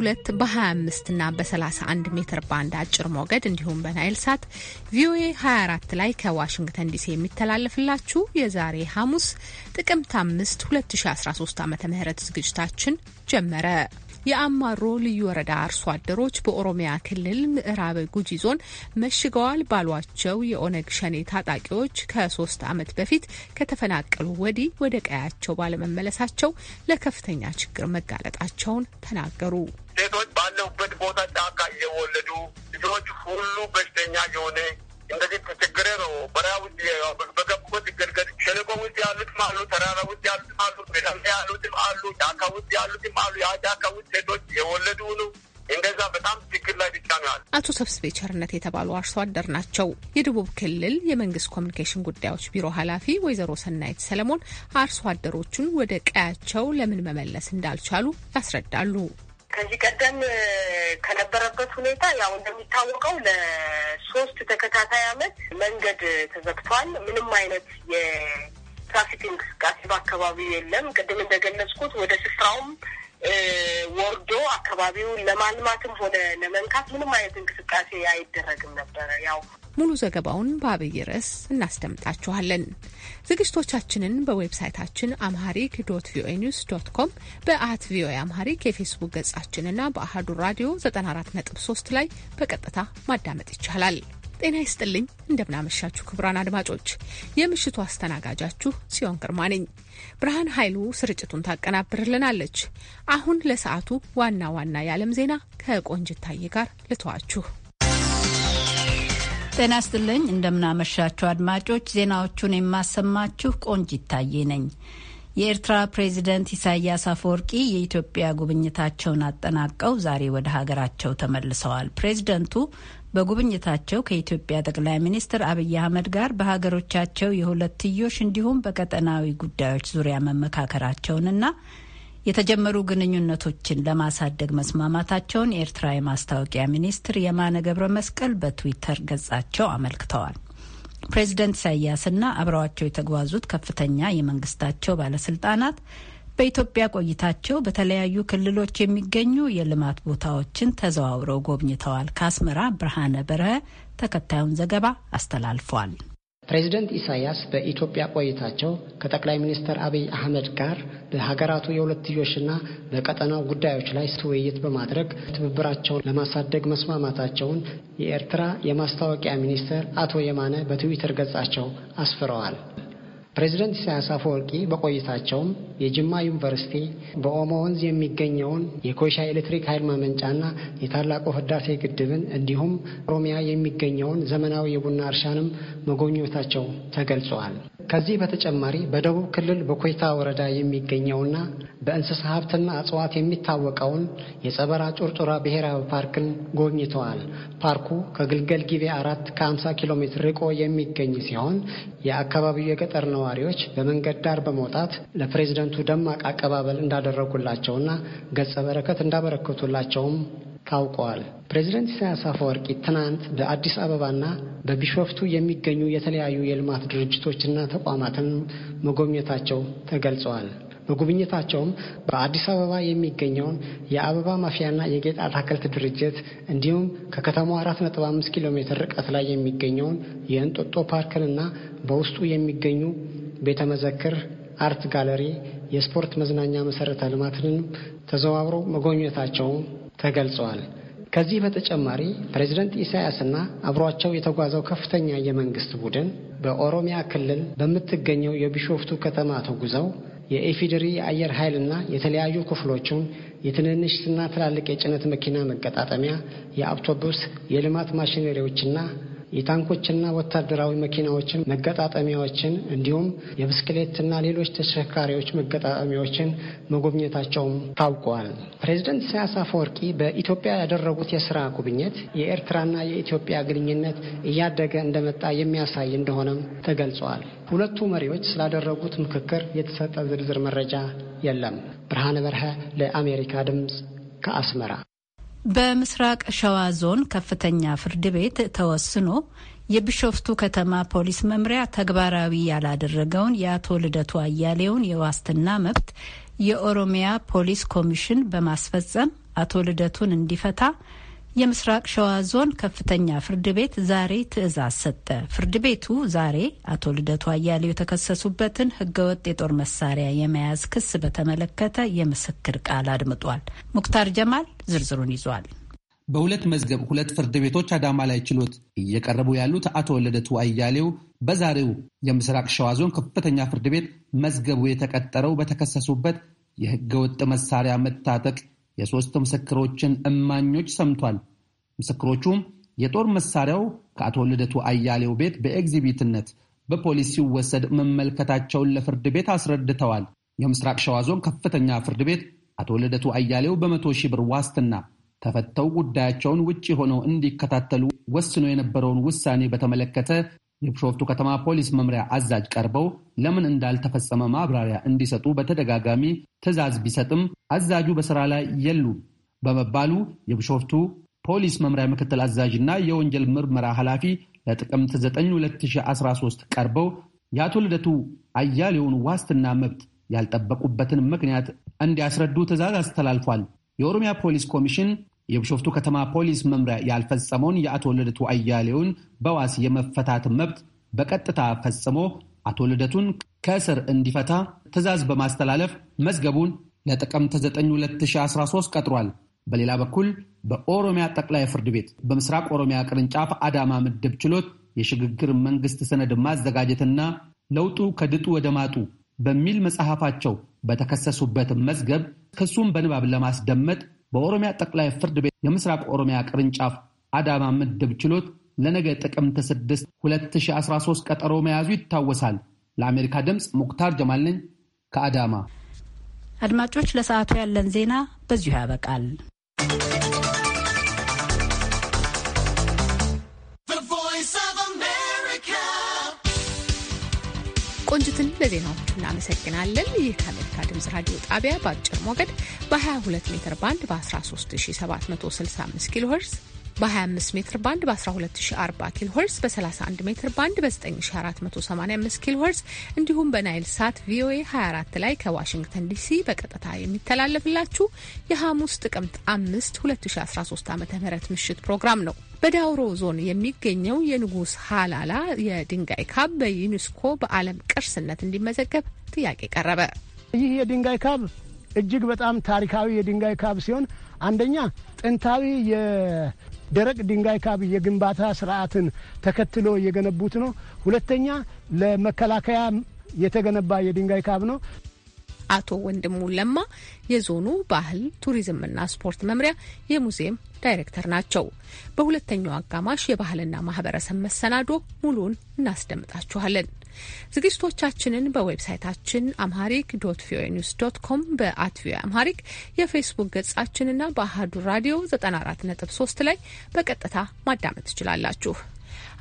በ በ25 እና በ31 ሜትር ባንድ አጭር ሞገድ እንዲሁም በናይል ሳት ቪኦኤ 24 ላይ ከዋሽንግተን ዲሲ የሚተላለፍላችሁ የዛሬ ሐሙስ ጥቅምት 5 2013 ዓ ም ዝግጅታችን ጀመረ። የአማሮ ልዩ ወረዳ አርሶ አደሮች በኦሮሚያ ክልል ምዕራብ ጉጂ ዞን መሽገዋል ባሏቸው የኦነግ ሸኔ ታጣቂዎች ከሶስት ዓመት በፊት ከተፈናቀሉ ወዲህ ወደ ቀያቸው ባለመመለሳቸው ለከፍተኛ ችግር መጋለጣቸውን ተናገሩ። ሴቶች ባለሁበት ቦታ ጫካ እየወለዱ ልጆች ሁሉ በሽተኛ የሆነ እንደዚህ ተቸግሬ ነው በረሃ ውስጥ በገቡበት ይገልገል ሸለቆ ውስጥ ያሉትም አሉ፣ ተራራ ውስጥ ያሉትም አሉ፣ ሜዳ ያሉትም አሉ፣ ጫካ ውስጥ ያሉትም አሉ። ያ ጫካ ውስጥ ሴቶች የወለዱ ሁሉ እንደዛ በጣም ችግር ላይ ብቻ ነው ያሉ አቶ ሰብስቤ ቸርነት የተባሉ አርሶ አደር ናቸው። የደቡብ ክልል የመንግስት ኮሚኒኬሽን ጉዳዮች ቢሮ ኃላፊ ወይዘሮ ሰናይት ሰለሞን አርሶ አደሮቹን ወደ ቀያቸው ለምን መመለስ እንዳልቻሉ ያስረዳሉ። ከዚህ ቀደም ከነበረበት ሁኔታ ያው እንደሚታወቀው ለሶስት ተከታታይ አመት መንገድ ተዘግቷል። ምንም አይነት የትራፊክ እንቅስቃሴ በአካባቢው የለም። ቅድም እንደገለጽኩት ወደ ስፍራውም ወርዶ አካባቢውን ለማልማትም ሆነ ለመንካት ምንም አይነት እንቅስቃሴ አይደረግም ነበረ ያው ሙሉ ዘገባውን በአብይ ርዕስ እናስደምጣችኋለን። ዝግጅቶቻችንን በዌብሳይታችን አምሃሪክ ዶት ቪኦኤ ኒውስ ዶት ኮም በአት ቪኦኤ አምሃሪክ የፌስቡክ ገጻችንና በአህዱ ራዲዮ 94.3 ላይ በቀጥታ ማዳመጥ ይቻላል። ጤና ይስጥልኝ። እንደምናመሻችሁ ክቡራን አድማጮች፣ የምሽቱ አስተናጋጃችሁ ጽዮን ግርማ ነኝ። ብርሃን ኃይሉ ስርጭቱን ታቀናብርልናለች። አሁን ለሰዓቱ ዋና ዋና የዓለም ዜና ከቆንጅታዬ ጋር ልተዋችሁ። ጤና ስትልኝ እንደምናመሻችሁ አድማጮች፣ ዜናዎቹን የማሰማችሁ ቆንጅ ይታየ ነኝ። የኤርትራ ፕሬዚደንት ኢሳያስ አፈወርቂ የኢትዮጵያ ጉብኝታቸውን አጠናቀው ዛሬ ወደ ሀገራቸው ተመልሰዋል። ፕሬዚደንቱ በጉብኝታቸው ከኢትዮጵያ ጠቅላይ ሚኒስትር አብይ አህመድ ጋር በሀገሮቻቸው የሁለትዮሽ እንዲሁም በቀጠናዊ ጉዳዮች ዙሪያ መመካከራቸውንና የተጀመሩ ግንኙነቶችን ለማሳደግ መስማማታቸውን የኤርትራ የማስታወቂያ ሚኒስትር የማነ ገብረ መስቀል በትዊተር ገጻቸው አመልክተዋል። ፕሬዚደንት ኢሳያስና አብረዋቸው የተጓዙት ከፍተኛ የመንግስታቸው ባለስልጣናት በኢትዮጵያ ቆይታቸው በተለያዩ ክልሎች የሚገኙ የልማት ቦታዎችን ተዘዋውረው ጎብኝተዋል። ከአስመራ ብርሃነ በረሀ ተከታዩን ዘገባ አስተላልፏል። ፕሬዚደንት ኢሳያስ በኢትዮጵያ ቆይታቸው ከጠቅላይ ሚኒስትር አብይ አህመድ ጋር በሀገራቱ የሁለትዮሽና በቀጠናው ጉዳዮች ላይ ውይይት በማድረግ ትብብራቸውን ለማሳደግ መስማማታቸውን የኤርትራ የማስታወቂያ ሚኒስትር አቶ የማነ በትዊተር ገጻቸው አስፍረዋል። ፕሬዚደንት ኢሳያስ አፈወርቂ በቆይታቸውም የጅማ ዩኒቨርሲቲ በኦሞ ወንዝ የሚገኘውን የኮይሻ ኤሌክትሪክ ኃይል ማመንጫና የታላቁ ህዳሴ ግድብን እንዲሁም ኦሮሚያ የሚገኘውን ዘመናዊ የቡና እርሻንም መጎብኘታቸው ተገልጸዋል። ከዚህ በተጨማሪ በደቡብ ክልል በኮይታ ወረዳ የሚገኘውና በእንስሳ ሀብትና እጽዋት የሚታወቀውን የጸበራ ጩርጩራ ብሔራዊ ፓርክን ጎብኝተዋል። ፓርኩ ከግልገል ጊቤ አራት ከ50 ኪሎ ሜትር ርቆ የሚገኝ ሲሆን የአካባቢው የገጠር ነው ነዋሪዎች በመንገድ ዳር በመውጣት ለፕሬዝደንቱ ደማቅ አቀባበል እንዳደረጉላቸውና ገጸ በረከት እንዳበረከቱላቸውም ታውቀዋል። ፕሬዚደንት ኢሳያስ አፈወርቂ ትናንት በአዲስ አበባና በቢሾፍቱ የሚገኙ የተለያዩ የልማት ድርጅቶችና ተቋማትን መጎብኘታቸው ተገልጸዋል። በጉብኝታቸውም በአዲስ አበባ የሚገኘውን የአበባ ማፍያና የጌጥ አታክልት ድርጅት እንዲሁም ከከተማው 4.5 ኪሎ ሜትር ርቀት ላይ የሚገኘውን የእንጦጦ ፓርክንና በውስጡ የሚገኙ ቤተ መዘክር፣ አርት ጋለሪ፣ የስፖርት መዝናኛ መሰረተ ልማትንም ተዘዋውረው መጎብኘታቸውም ተገልጸዋል። ከዚህ በተጨማሪ ፕሬዝደንት ኢሳያስና አብሯቸው የተጓዘው ከፍተኛ የመንግስት ቡድን በኦሮሚያ ክልል በምትገኘው የቢሾፍቱ ከተማ ተጉዘው የኢፌዴሪ የአየር ኃይልና የተለያዩ ክፍሎቹን የትንንሽና ትላልቅ የጭነት መኪና መገጣጠሚያ፣ የአውቶቡስ፣ የልማት ማሽነሪዎችና የታንኮችና ወታደራዊ መኪናዎችን መገጣጠሚያዎችን እንዲሁም የብስክሌትና ሌሎች ተሽከርካሪዎች መገጣጠሚያዎችን መጎብኘታቸውም ታውቀዋል። ፕሬዚደንት ኢሳያስ አፈወርቂ በኢትዮጵያ ያደረጉት የስራ ጉብኝት የኤርትራና የኢትዮጵያ ግንኙነት እያደገ እንደመጣ የሚያሳይ እንደሆነም ተገልጿዋል። ሁለቱ መሪዎች ስላደረጉት ምክክር የተሰጠ ዝርዝር መረጃ የለም። ብርሃነ በርሀ ለአሜሪካ ድምፅ ከአስመራ በምስራቅ ሸዋ ዞን ከፍተኛ ፍርድ ቤት ተወስኖ የቢሾፍቱ ከተማ ፖሊስ መምሪያ ተግባራዊ ያላደረገውን የአቶ ልደቱ አያሌውን የዋስትና መብት የኦሮሚያ ፖሊስ ኮሚሽን በማስፈጸም አቶ ልደቱን እንዲፈታ የምስራቅ ሸዋ ዞን ከፍተኛ ፍርድ ቤት ዛሬ ትዕዛዝ ሰጠ። ፍርድ ቤቱ ዛሬ አቶ ልደቱ አያሌው የተከሰሱበትን ህገወጥ የጦር መሳሪያ የመያዝ ክስ በተመለከተ የምስክር ቃል አድምጧል። ሙክታር ጀማል ዝርዝሩን ይዟል። በሁለት መዝገብ ሁለት ፍርድ ቤቶች አዳማ ላይ ችሎት እየቀረቡ ያሉት አቶ ልደቱ አያሌው በዛሬው የምስራቅ ሸዋ ዞን ከፍተኛ ፍርድ ቤት መዝገቡ የተቀጠረው በተከሰሱበት የህገወጥ መሳሪያ መታጠቅ የሦስት ምስክሮችን እማኞች ሰምቷል። ምስክሮቹም የጦር መሳሪያው ከአቶ ልደቱ አያሌው ቤት በኤግዚቢትነት በፖሊስ ሲወሰድ መመልከታቸውን ለፍርድ ቤት አስረድተዋል። የምስራቅ ሸዋ ዞን ከፍተኛ ፍርድ ቤት አቶ ልደቱ አያሌው በመቶ ሺህ ብር ዋስትና ተፈተው ጉዳያቸውን ውጭ ሆነው እንዲከታተሉ ወስኖ የነበረውን ውሳኔ በተመለከተ የቢሾፍቱ ከተማ ፖሊስ መምሪያ አዛዥ ቀርበው ለምን እንዳልተፈጸመ ማብራሪያ እንዲሰጡ በተደጋጋሚ ትዕዛዝ ቢሰጥም አዛዡ በስራ ላይ የሉም በመባሉ የቢሾፍቱ ፖሊስ መምሪያ ምክትል አዛዥ እና የወንጀል ምርመራ ኃላፊ ለጥቅምት 9 2013 ቀርበው የአቶ ልደቱ አያሌውን ዋስትና መብት ያልጠበቁበትን ምክንያት እንዲያስረዱ ትዕዛዝ አስተላልፏል። የኦሮሚያ ፖሊስ ኮሚሽን የብሾፍቱ ከተማ ፖሊስ መምሪያ ያልፈጸመውን የአቶ ልደቱ አያሌውን በዋስ የመፈታት መብት በቀጥታ ፈጽሞ አቶ ልደቱን ከእስር እንዲፈታ ትዕዛዝ በማስተላለፍ መዝገቡን ለጥቅምት 9 2013 ቀጥሯል። በሌላ በኩል በኦሮሚያ ጠቅላይ ፍርድ ቤት በምስራቅ ኦሮሚያ ቅርንጫፍ አዳማ ምድብ ችሎት የሽግግር መንግስት ሰነድ ማዘጋጀትና ለውጡ ከድጡ ወደ ማጡ በሚል መጽሐፋቸው በተከሰሱበት መዝገብ ክሱን በንባብ ለማስደመጥ በኦሮሚያ ጠቅላይ ፍርድ ቤት የምስራቅ ኦሮሚያ ቅርንጫፍ አዳማ ምድብ ችሎት ለነገ ጥቅምት 6 2013 ቀጠሮ መያዙ ይታወሳል። ለአሜሪካ ድምፅ ሙክታር ጀማል ነኝ ከአዳማ። አድማጮች፣ ለሰዓቱ ያለን ዜና በዚሁ ያበቃል። ቆንጅትን ለዜናዎቹ እናመሰግናለን። ይህ ከአሜሪካ ድምጽ ራዲዮ ጣቢያ በአጭር ሞገድ በ22 ሜትር ባንድ በ13765 ኪሎ ሄርዝ በ25 ሜትር ባንድ በ 1240 ኪሎ ሄርስ በ31 ሜትር ባንድ በ9485 ኪሎ ሄርስ እንዲሁም በናይል ሳት ቪኦኤ 24 ላይ ከዋሽንግተን ዲሲ በቀጥታ የሚተላለፍላችሁ የሐሙስ ጥቅምት 5 2013 ዓ ም ምሽት ፕሮግራም ነው። በዳውሮ ዞን የሚገኘው የንጉስ ሃላላ የድንጋይ ካብ በዩኒስኮ በዓለም ቅርስነት እንዲመዘገብ ጥያቄ ቀረበ። ይህ የድንጋይ ካብ እጅግ በጣም ታሪካዊ የድንጋይ ካብ ሲሆን አንደኛ ጥንታዊ ደረቅ ድንጋይ ካብ የግንባታ ስርዓትን ተከትሎ የገነቡት ነው። ሁለተኛ ለመከላከያ የተገነባ የድንጋይ ካብ ነው። አቶ ወንድሙ ለማ የዞኑ ባህል ቱሪዝምና ስፖርት መምሪያ የሙዚየም ዳይሬክተር ናቸው። በሁለተኛው አጋማሽ የባህልና ማህበረሰብ መሰናዶ ሙሉን እናስደምጣችኋለን። ዝግጅቶቻችንን በዌብሳይታችን አምሃሪክ ዶት ቪኦኤ ኒውስ ዶት ኮም በአት ቪኦኤ አምሃሪክ የፌስቡክ ገጻችንና በአህዱ ራዲዮ 94.3 ላይ በቀጥታ ማዳመጥ ትችላላችሁ።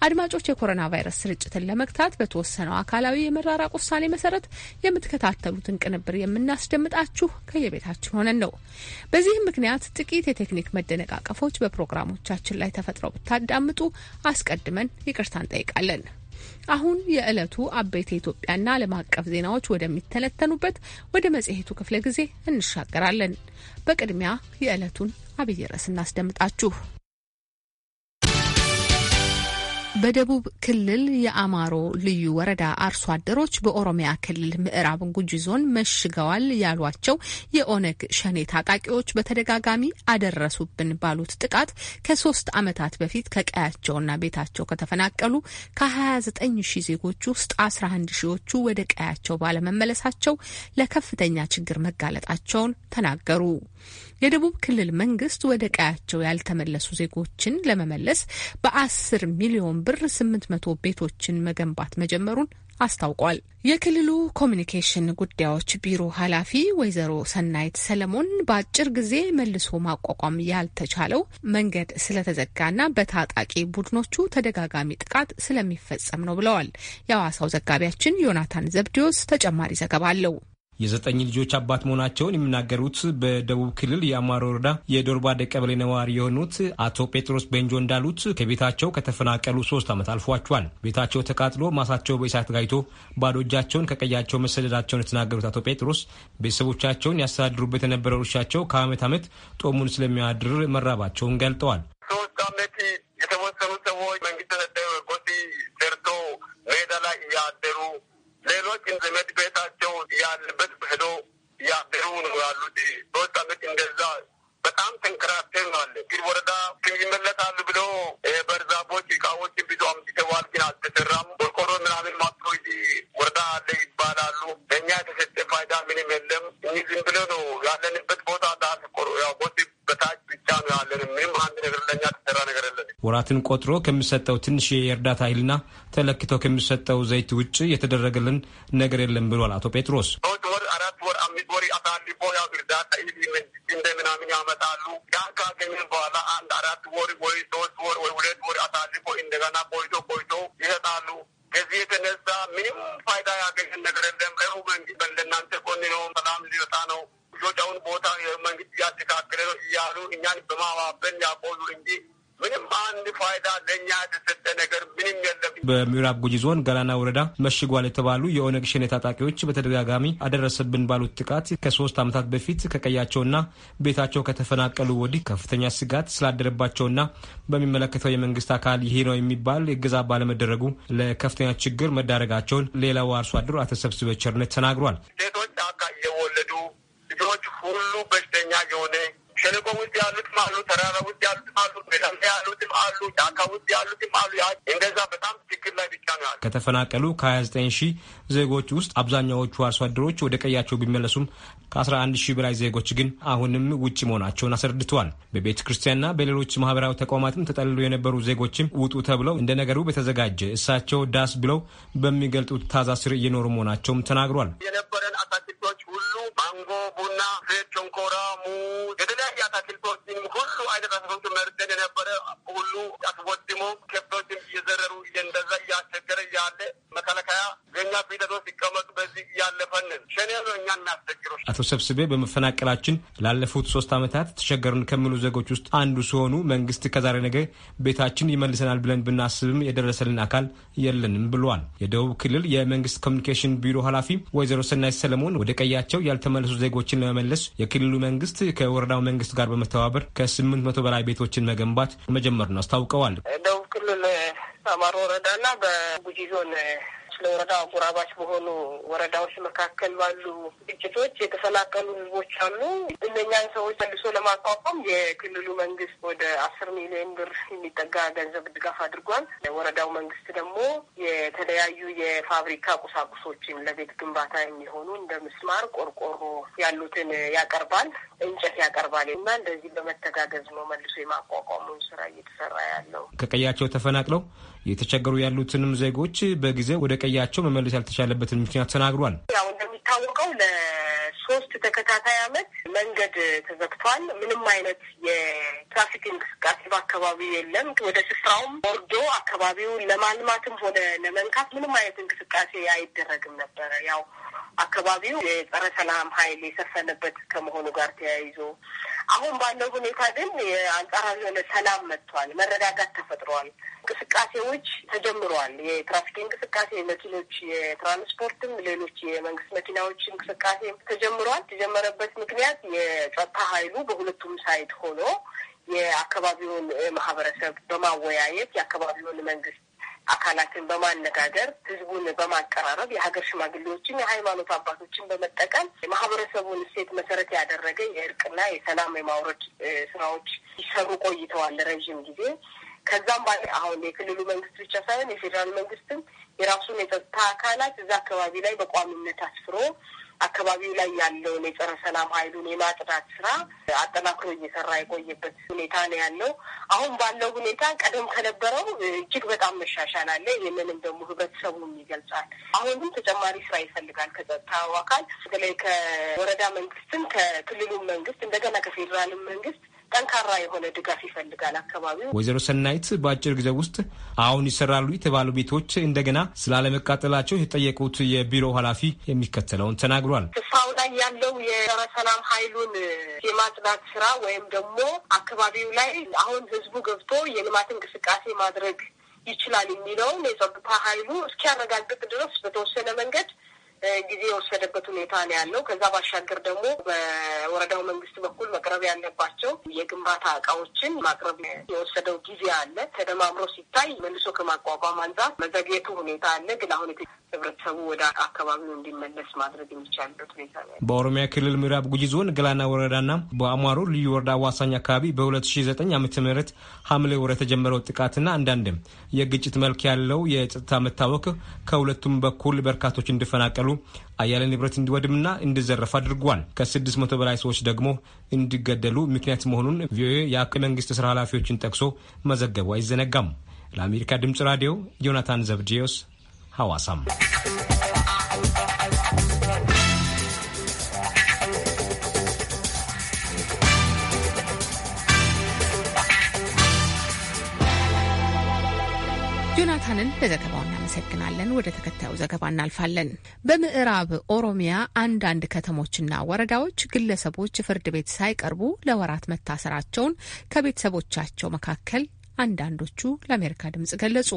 አድማጮች የኮሮና ቫይረስ ስርጭትን ለመግታት በተወሰነው አካላዊ የመራራቅ ውሳኔ መሰረት የምትከታተሉትን ቅንብር የምናስደምጣችሁ ከየቤታችን ሆነን ነው። በዚህም ምክንያት ጥቂት የቴክኒክ መደነቃቀፎች በፕሮግራሞቻችን ላይ ተፈጥረው ብታዳምጡ አስቀድመን ይቅርታ እንጠይቃለን። አሁን የዕለቱ አበይት የኢትዮጵያና ዓለም አቀፍ ዜናዎች ወደሚተነተኑበት ወደ መጽሔቱ ክፍለ ጊዜ እንሻገራለን። በቅድሚያ የዕለቱን አብይ ርዕስ እናስደምጣችሁ። በደቡብ ክልል የአማሮ ልዩ ወረዳ አርሶ አደሮች በኦሮሚያ ክልል ምዕራብ ጉጂ ዞን መሽገዋል ያሏቸው የኦነግ ሸኔ ታጣቂዎች በተደጋጋሚ አደረሱብን ባሉት ጥቃት ከሶስት ዓመታት በፊት ከቀያቸውና ቤታቸው ከተፈናቀሉ ከ29 ሺ ዜጎች ውስጥ 11 ሺዎቹ ወደ ቀያቸው ባለመመለሳቸው ለከፍተኛ ችግር መጋለጣቸውን ተናገሩ። የደቡብ ክልል መንግስት ወደ ቀያቸው ያልተመለሱ ዜጎችን ለመመለስ በአስር ሚሊዮን ብር ስምንት መቶ ቤቶችን መገንባት መጀመሩን አስታውቋል። የክልሉ ኮሚኒኬሽን ጉዳዮች ቢሮ ኃላፊ ወይዘሮ ሰናይት ሰለሞን በአጭር ጊዜ መልሶ ማቋቋም ያልተቻለው መንገድ ስለተዘጋና በታጣቂ ቡድኖቹ ተደጋጋሚ ጥቃት ስለሚፈጸም ነው ብለዋል። የሐዋሳው ዘጋቢያችን ዮናታን ዘብዲዮስ ተጨማሪ ዘገባ አለው። የዘጠኝ ልጆች አባት መሆናቸውን የሚናገሩት በደቡብ ክልል የአማሮ ወረዳ የዶርባደ ቀበሌ ነዋሪ የሆኑት አቶ ጴጥሮስ በንጆ እንዳሉት ከቤታቸው ከተፈናቀሉ ሶስት ዓመት አልፏቸዋል። ቤታቸው ተቃጥሎ ማሳቸው በእሳት ጋይቶ ባዶ እጃቸውን ከቀያቸው መሰደዳቸውን የተናገሩት አቶ ጴጥሮስ ቤተሰቦቻቸውን ያስተዳድሩበት የነበረው እርሻቸው ከዓመት ዓመት ጦሙን ስለሚያድር መራባቸውን ገልጠዋል። ሶስት ዓመት የተወሰኑ ሰዎች መንግስት ሰርቶ ሜዳ ላይ እያደሩ ሌሎች ዘመድ ቤታቸው ያለበት ሄዶ ያደሩ ነው ያሉት። ሶስት አመት እንደዛ በጣም ተንከራተን አለ። ግን ወረዳ ይመለሳሉ ብሎ በርዛቦች እቃዎች ብዙ አምጥተዋል፣ ግን አልተሰራም። ቆርቆሮ ምናምን ማጥሮ ወረዳ አለ ይባላሉ። ለእኛ የተሰጠ ፋይዳ ምንም የለም። እኚህ ዝም ብሎ ነው ያለንበት ቦታ ዳ ያው ብቻ ነው ያለን። ምንም አንድ ነገር ለኛ ተሰራ ነገር የለን። ወራትን ቆጥሮ ከሚሰጠው ትንሽ የእርዳታ ይልና ተለክቶ ከሚሰጠው ዘይት ውጭ የተደረገልን ነገር የለም ብሏል አቶ ጴጥሮስ። ሶስት ወር አራት ወር አምስት ወር አሳልፎ ያው እርዳታ እንደ ምናምን ያመጣሉ። ያን ካገኘን በኋላ አንድ አራት ወር ወይ ሶስት ወር ወይ ሁለት ወር አሳልፎ እንደገና ቆይቶ ቆይቶ ይሰጣሉ። ከዚህ የተነሳ በምዕራብ ጉጂ ዞን ገላና ወረዳ መሽጓል የተባሉ የኦነግ ሸኔ ታጣቂዎች በተደጋጋሚ አደረሰብን ባሉት ጥቃት ከሶስት ዓመታት በፊት ከቀያቸውና ቤታቸው ከተፈናቀሉ ወዲህ ከፍተኛ ስጋት ስላደረባቸውና በሚመለከተው የመንግስት አካል ይሄ ነው የሚባል እገዛ ባለመደረጉ ለከፍተኛ ችግር መዳረጋቸውን ሌላው አርሶ አደሩ አተሰብስበቸርነት ተናግሯል። ሴቶች አካ የወለዱ ልጆች ሁሉ በሽተኛ የሆነ ሸለቆ ውስጥ ያሉትም አሉ፣ ተራራ ውስጥ ያሉትም አሉ፣ ሜዳ ያሉትም አሉ፣ ጫካ ውስጥ ያሉትም አሉ። እንደዛ በጣም ችግር ላይ ብቻ ነው ያሉ ከተፈናቀሉ ከሀያ ዘጠኝ ሺህ ዜጎች ውስጥ አብዛኛዎቹ አርሶ አደሮች ወደ ቀያቸው ቢመለሱም ከ11 ሺህ በላይ ዜጎች ግን አሁንም ውጭ መሆናቸውን አስረድተዋል። በቤተ ክርስቲያንና በሌሎች ማህበራዊ ተቋማትም ተጠልሎ የነበሩ ዜጎችም ውጡ ተብለው እንደ ነገሩ በተዘጋጀ እሳቸው ዳስ ብለው በሚገልጡት ታዛ ስር እየኖሩ መሆናቸውም ተናግሯል። የነበረን አታክልቶች ሁሉ ማንጎ፣ ቡና፣ ፍሬድ፣ ቸንኮራ፣ ሙዝ፣ የተለያየ አታክልቶችን ሁሉ አይነት አትክልት መርጠን የነበረ ሁሉ አስወድሞ ከብቶችም እየዘረሩ እንደዛ እያስቸገረ እያለ መከላከያ ገኛ ፊደሎ ሲቀመጡ በዚህ ያለፈንን ሸኔ ነው እኛ እናስቸግረው። አቶ ሰብስቤ በመፈናቀላችን ላለፉት ሶስት ዓመታት ተቸገርን ከሚሉ ዜጎች ውስጥ አንዱ ሲሆኑ መንግስት ከዛሬ ነገ ቤታችን ይመልሰናል ብለን ብናስብም የደረሰልን አካል የለንም ብሏል። የደቡብ ክልል የመንግስት ኮሚኒኬሽን ቢሮ ኃላፊ ወይዘሮ ሰናይ ሰለሞን ወደ ቀያቸው ያልተመለሱ ዜጎችን ለመመለስ የክልሉ መንግስት ከወረዳው መንግስት ጋር በመተባበር ከስምንት መቶ በላይ ቤቶችን መገንባት መጀመሩን አስታውቀዋል። ደቡብ ክልል አማሮ ወረዳና በጉጂ ዞን ለወረዳ አጎራባች በሆኑ ወረዳዎች መካከል ባሉ ግጭቶች የተፈናቀሉ ህዝቦች አሉ። እነኛን ሰዎች መልሶ ለማቋቋም የክልሉ መንግስት ወደ አስር ሚሊዮን ብር የሚጠጋ ገንዘብ ድጋፍ አድርጓል። ወረዳው መንግስት ደግሞ የተለያዩ የፋብሪካ ቁሳቁሶችን ለቤት ግንባታ የሚሆኑ እንደ ምስማር፣ ቆርቆሮ ያሉትን ያቀርባል፣ እንጨት ያቀርባል እና እንደዚህ በመተጋገዝ ነው መልሶ የማቋቋሙን ስራ እየተሰራ ያለው ከቀያቸው ተፈናቅለው የተቸገሩ ያሉትንም ዜጎች በጊዜ ወደ ቀያቸው መመለስ ያልተቻለበትን ምክንያት ተናግሯል። ያው እንደሚታወቀው ለሶስት ተከታታይ ዓመት መንገድ ተዘግቷል። ምንም አይነት የትራፊክ እንቅስቃሴ በአካባቢው የለም። ወደ ስፍራውም ወርዶ አካባቢውን ለማልማትም ሆነ ለመንካት ምንም አይነት እንቅስቃሴ አይደረግም ነበረ ያው አካባቢው የጸረ ሰላም ኃይል የሰፈነበት ከመሆኑ ጋር ተያይዞ አሁን ባለው ሁኔታ ግን የአንጻራዊ የሆነ ሰላም መጥቷል። መረጋጋት ተፈጥሯል። እንቅስቃሴዎች ተጀምረዋል። የትራፊክ እንቅስቃሴ መኪኖች፣ የትራንስፖርትም ሌሎች የመንግስት መኪናዎች እንቅስቃሴ ተጀምሯል። የተጀመረበት ምክንያት የጸጥታ ኃይሉ በሁለቱም ሳይት ሆኖ የአካባቢውን ማህበረሰብ በማወያየት የአካባቢውን መንግስት አካላትን በማነጋገር ህዝቡን በማቀራረብ የሀገር ሽማግሌዎችን፣ የሃይማኖት አባቶችን በመጠቀም የማህበረሰቡን እሴት መሰረት ያደረገ የእርቅና የሰላም የማውረድ ስራዎች ይሰሩ ቆይተዋል ረዥም ጊዜ። ከዛም ባ አሁን የክልሉ መንግስት ብቻ ሳይሆን የፌዴራል መንግስትም የራሱን የጸጥታ አካላት እዛ አካባቢ ላይ በቋሚነት አስፍሮ አካባቢው ላይ ያለውን የጸረ ሰላም ኃይሉን የማጥዳት ስራ አጠናክሮ እየሰራ የቆየበት ሁኔታ ነው ያለው። አሁን ባለው ሁኔታ ቀደም ከነበረው እጅግ በጣም መሻሻል አለ። ይህንንም ደግሞ ህብረተሰቡም ይገልጻል። አሁንም ተጨማሪ ስራ ይፈልጋል ከጸጥታው አካል በተለይ ከወረዳ መንግስትም ከክልሉም መንግስት እንደገና ከፌዴራልም መንግስት ጠንካራ የሆነ ድጋፍ ይፈልጋል አካባቢው። ወይዘሮ ሰናይት በአጭር ጊዜ ውስጥ አሁን ይሰራሉ የተባሉ ቤቶች እንደገና ስላለመቃጠላቸው የተጠየቁት የቢሮ ኃላፊ የሚከተለውን ተናግሯል። ስፍራው ላይ ያለው የረ ሰላም ኃይሉን የማጽዳት ስራ ወይም ደግሞ አካባቢው ላይ አሁን ህዝቡ ገብቶ የልማት እንቅስቃሴ ማድረግ ይችላል የሚለውን የጸጥታ ኃይሉ እስኪያረጋግጥ ድረስ በተወሰነ መንገድ ጊዜ የወሰደበት ሁኔታ ነው ያለው። ከዛ ባሻገር ደግሞ በወረዳው መንግስት በኩል መቅረብ ያለባቸው የግንባታ እቃዎችን ማቅረብ የወሰደው ጊዜ አለ። ተደማምሮ ሲታይ መልሶ ከማቋቋም አንጻር መዘግየቱ ሁኔታ አለ። ግን አሁን ህብረተሰቡ ወደ አካባቢው እንዲመለስ ማድረግ የሚቻልበት ሁኔታ ነው። በኦሮሚያ ክልል ምዕራብ ጉጂ ዞን ገላና ወረዳና በአማሮ ልዩ ወረዳ አዋሳኝ አካባቢ በ2009 ም ሐምሌ ወር የተጀመረው ጥቃትና አንዳንድም የግጭት መልክ ያለው የጸጥታ መታወክ ከሁለቱም በኩል በርካቶች እንዲፈናቀሉ አያሌ ንብረት እንዲወድምና እንዲዘረፍ አድርጓል። ከስድስት መቶ በላይ ሰዎች ደግሞ እንዲገደሉ ምክንያት መሆኑን ቪኦኤ የመንግስት ስራ ኃላፊዎችን ጠቅሶ መዘገቡ አይዘነጋም። ለአሜሪካ ድምጽ ራዲዮ ዮናታን ዘብዲዮስ ሐዋሳም ዮናታንን ለዘገባው እናመሰግናለን። ወደ ተከታዩ ዘገባ እናልፋለን። በምዕራብ ኦሮሚያ አንዳንድ ከተሞችና ወረዳዎች ግለሰቦች ፍርድ ቤት ሳይቀርቡ ለወራት መታሰራቸውን ከቤተሰቦቻቸው መካከል አንዳንዶቹ ለአሜሪካ ድምጽ ገለጹ።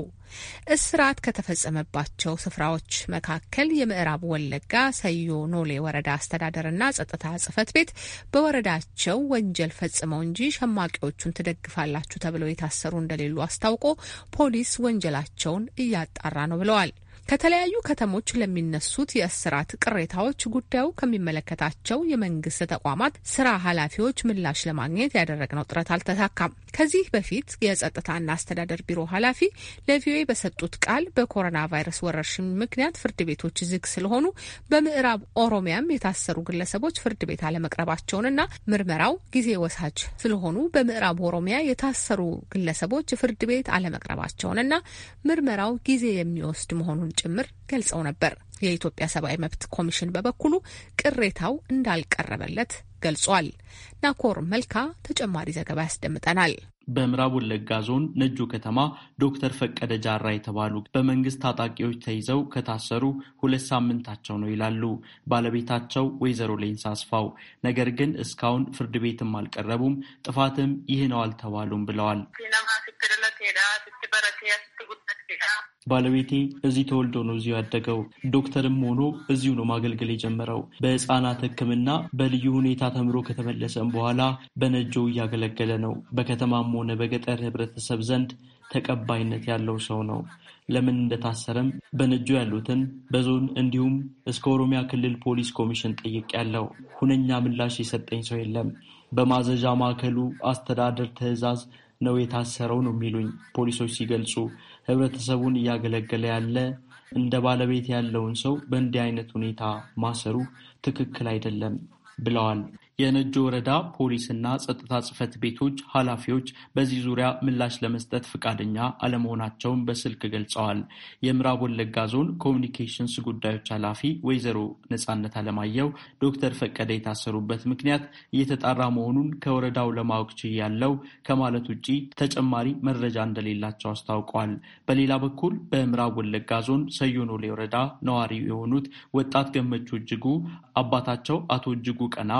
እስራት ከተፈጸመባቸው ስፍራዎች መካከል የምዕራብ ወለጋ ሰዮ ኖሌ ወረዳ አስተዳደርና ጸጥታ ጽህፈት ቤት በወረዳቸው ወንጀል ፈጽመው እንጂ ሸማቂዎቹን ትደግፋላችሁ ተብለው የታሰሩ እንደሌሉ አስታውቆ ፖሊስ ወንጀላቸውን እያጣራ ነው ብለዋል። ከተለያዩ ከተሞች ለሚነሱት የእስራት ቅሬታዎች ጉዳዩ ከሚመለከታቸው የመንግስት ተቋማት ስራ ኃላፊዎች ምላሽ ለማግኘት ያደረግነው ጥረት አልተሳካም። ከዚህ በፊት የጸጥታና አስተዳደር ቢሮ ኃላፊ ለቪኦኤ በሰጡት ቃል በኮሮና ቫይረስ ወረርሽኝ ምክንያት ፍርድ ቤቶች ዝግ ስለሆኑ በምዕራብ ኦሮሚያም የታሰሩ ግለሰቦች ፍርድ ቤት አለመቅረባቸውንና ምርመራው ጊዜ ወሳጅ ስለሆኑ በምዕራብ ኦሮሚያ የታሰሩ ግለሰቦች ፍርድ ቤት አለመቅረባቸውንና ምርመራው ጊዜ የሚወስድ መሆኑን ጭምር ገልጸው ነበር። የኢትዮጵያ ሰብአዊ መብት ኮሚሽን በበኩሉ ቅሬታው እንዳልቀረበለት ገልጿል። ናኮር መልካ ተጨማሪ ዘገባ ያስደምጠናል። በምዕራብ ወለጋ ዞን ነጆ ከተማ ዶክተር ፈቀደ ጃራ የተባሉ በመንግስት ታጣቂዎች ተይዘው ከታሰሩ ሁለት ሳምንታቸው ነው ይላሉ ባለቤታቸው ወይዘሮ ሌንስ አስፋው። ነገር ግን እስካሁን ፍርድ ቤትም አልቀረቡም፣ ጥፋትም ይህ ነው አልተባሉም ብለዋል። ባለቤቴ እዚህ ተወልዶ ነው እዚሁ ያደገው። ዶክተርም ሆኖ እዚሁ ነው ማገልገል የጀመረው። በህፃናት ሕክምና በልዩ ሁኔታ ተምሮ ከተመለሰም በኋላ በነጆ እያገለገለ ነው። በከተማም ሆነ በገጠር ህብረተሰብ ዘንድ ተቀባይነት ያለው ሰው ነው። ለምን እንደታሰረም በነጆ ያሉትን በዞን እንዲሁም እስከ ኦሮሚያ ክልል ፖሊስ ኮሚሽን ጠይቅ ያለው ሁነኛ ምላሽ የሰጠኝ ሰው የለም። በማዘዣ ማዕከሉ አስተዳደር ትዕዛዝ ነው የታሰረው ነው የሚሉኝ ፖሊሶች ሲገልጹ፣ ህብረተሰቡን እያገለገለ ያለ እንደ ባለቤት ያለውን ሰው በእንዲህ አይነት ሁኔታ ማሰሩ ትክክል አይደለም ብለዋል። የነጆ ወረዳ ፖሊስና ጸጥታ ጽህፈት ቤቶች ኃላፊዎች በዚህ ዙሪያ ምላሽ ለመስጠት ፈቃደኛ አለመሆናቸውን በስልክ ገልጸዋል። የምዕራብ ወለጋ ዞን ኮሚኒኬሽንስ ጉዳዮች ኃላፊ ወይዘሮ ነጻነት አለማየው ዶክተር ፈቀደ የታሰሩበት ምክንያት እየተጣራ መሆኑን ከወረዳው ለማወቅ ችያለው ከማለት ውጭ ተጨማሪ መረጃ እንደሌላቸው አስታውቀዋል። በሌላ በኩል በምዕራብ ወለጋ ዞን ሰዮኖሌ ወረዳ ነዋሪ የሆኑት ወጣት ገመቹ እጅጉ አባታቸው አቶ እጅጉ ቀና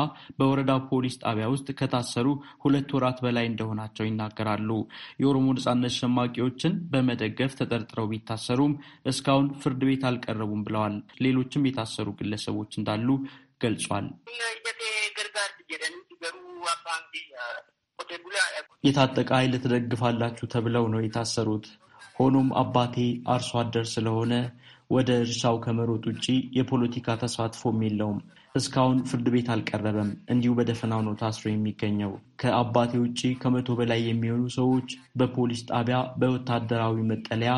በወረዳው ፖሊስ ጣቢያ ውስጥ ከታሰሩ ሁለት ወራት በላይ እንደሆናቸው ይናገራሉ። የኦሮሞ ነጻነት ሸማቂዎችን በመደገፍ ተጠርጥረው ቢታሰሩም እስካሁን ፍርድ ቤት አልቀረቡም ብለዋል። ሌሎችም የታሰሩ ግለሰቦች እንዳሉ ገልጿል። የታጠቀ ኃይል ትደግፋላችሁ ተብለው ነው የታሰሩት። ሆኖም አባቴ አርሶ አደር ስለሆነ ወደ እርሻው ከመሮጥ ውጪ የፖለቲካ ተሳትፎም የለውም። እስካሁን ፍርድ ቤት አልቀረበም። እንዲሁ በደፈናው ነው ታስሮ የሚገኘው። ከአባቴ ውጭ ከመቶ በላይ የሚሆኑ ሰዎች በፖሊስ ጣቢያ፣ በወታደራዊ መጠለያ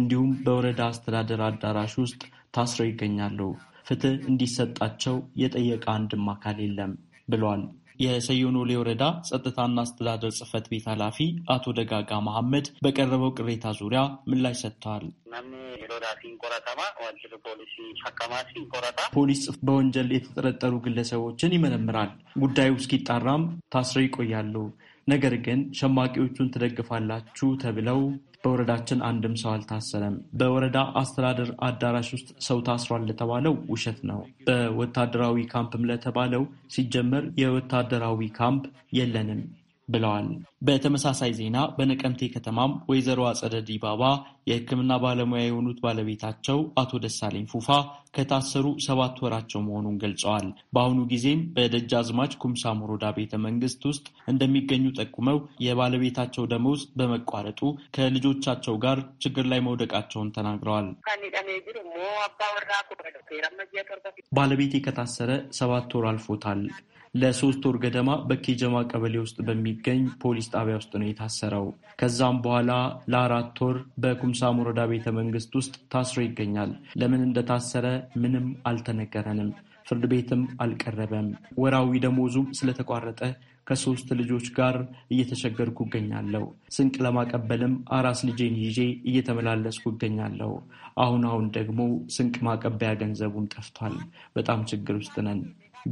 እንዲሁም በወረዳ አስተዳደር አዳራሽ ውስጥ ታስረው ይገኛሉ። ፍትህ እንዲሰጣቸው የጠየቀ አንድም አካል የለም ብሏል የሰዮኖ ሌ ወረዳ ጸጥታና አስተዳደር ጽህፈት ቤት ኃላፊ አቶ ደጋጋ መሐመድ በቀረበው ቅሬታ ዙሪያ ምላሽ ሰጥተዋል። ፖሊስ በወንጀል የተጠረጠሩ ግለሰቦችን ይመረምራል። ጉዳዩ እስኪጣራም ታስረው ይቆያሉ። ነገር ግን ሸማቂዎቹን ትደግፋላችሁ ተብለው በወረዳችን አንድም ሰው አልታሰረም። በወረዳ አስተዳደር አዳራሽ ውስጥ ሰው ታስሯል ለተባለው ውሸት ነው። በወታደራዊ ካምፕም ለተባለው ሲጀመር የወታደራዊ ካምፕ የለንም። ብለዋል። በተመሳሳይ ዜና በነቀምቴ ከተማም ወይዘሮ አጸደ ዲባባ የሕክምና ባለሙያ የሆኑት ባለቤታቸው አቶ ደሳለኝ ፉፋ ከታሰሩ ሰባት ወራቸው መሆኑን ገልጸዋል። በአሁኑ ጊዜም በደጃዝማች ኩምሳ ሞሮዳ ቤተ መንግስት ውስጥ እንደሚገኙ ጠቁመው የባለቤታቸው ደመወዝ በመቋረጡ ከልጆቻቸው ጋር ችግር ላይ መውደቃቸውን ተናግረዋል። ባለቤቴ ከታሰረ ሰባት ወር አልፎታል። ለሶስት ወር ገደማ በኬጀማ ቀበሌ ውስጥ በሚገኝ ፖሊስ ጣቢያ ውስጥ ነው የታሰረው። ከዛም በኋላ ለአራት ወር በኩምሳ ሞረዳ ቤተ መንግስት ውስጥ ታስሮ ይገኛል። ለምን እንደታሰረ ምንም አልተነገረንም። ፍርድ ቤትም አልቀረበም። ወራዊ ደሞዙም ስለተቋረጠ ከሶስት ልጆች ጋር እየተቸገርኩ እገኛለሁ። ስንቅ ለማቀበልም አራስ ልጄን ይዤ እየተመላለስኩ እገኛለሁ። አሁን አሁን ደግሞ ስንቅ ማቀበያ ገንዘቡም ጠፍቷል። በጣም ችግር ውስጥ ነን።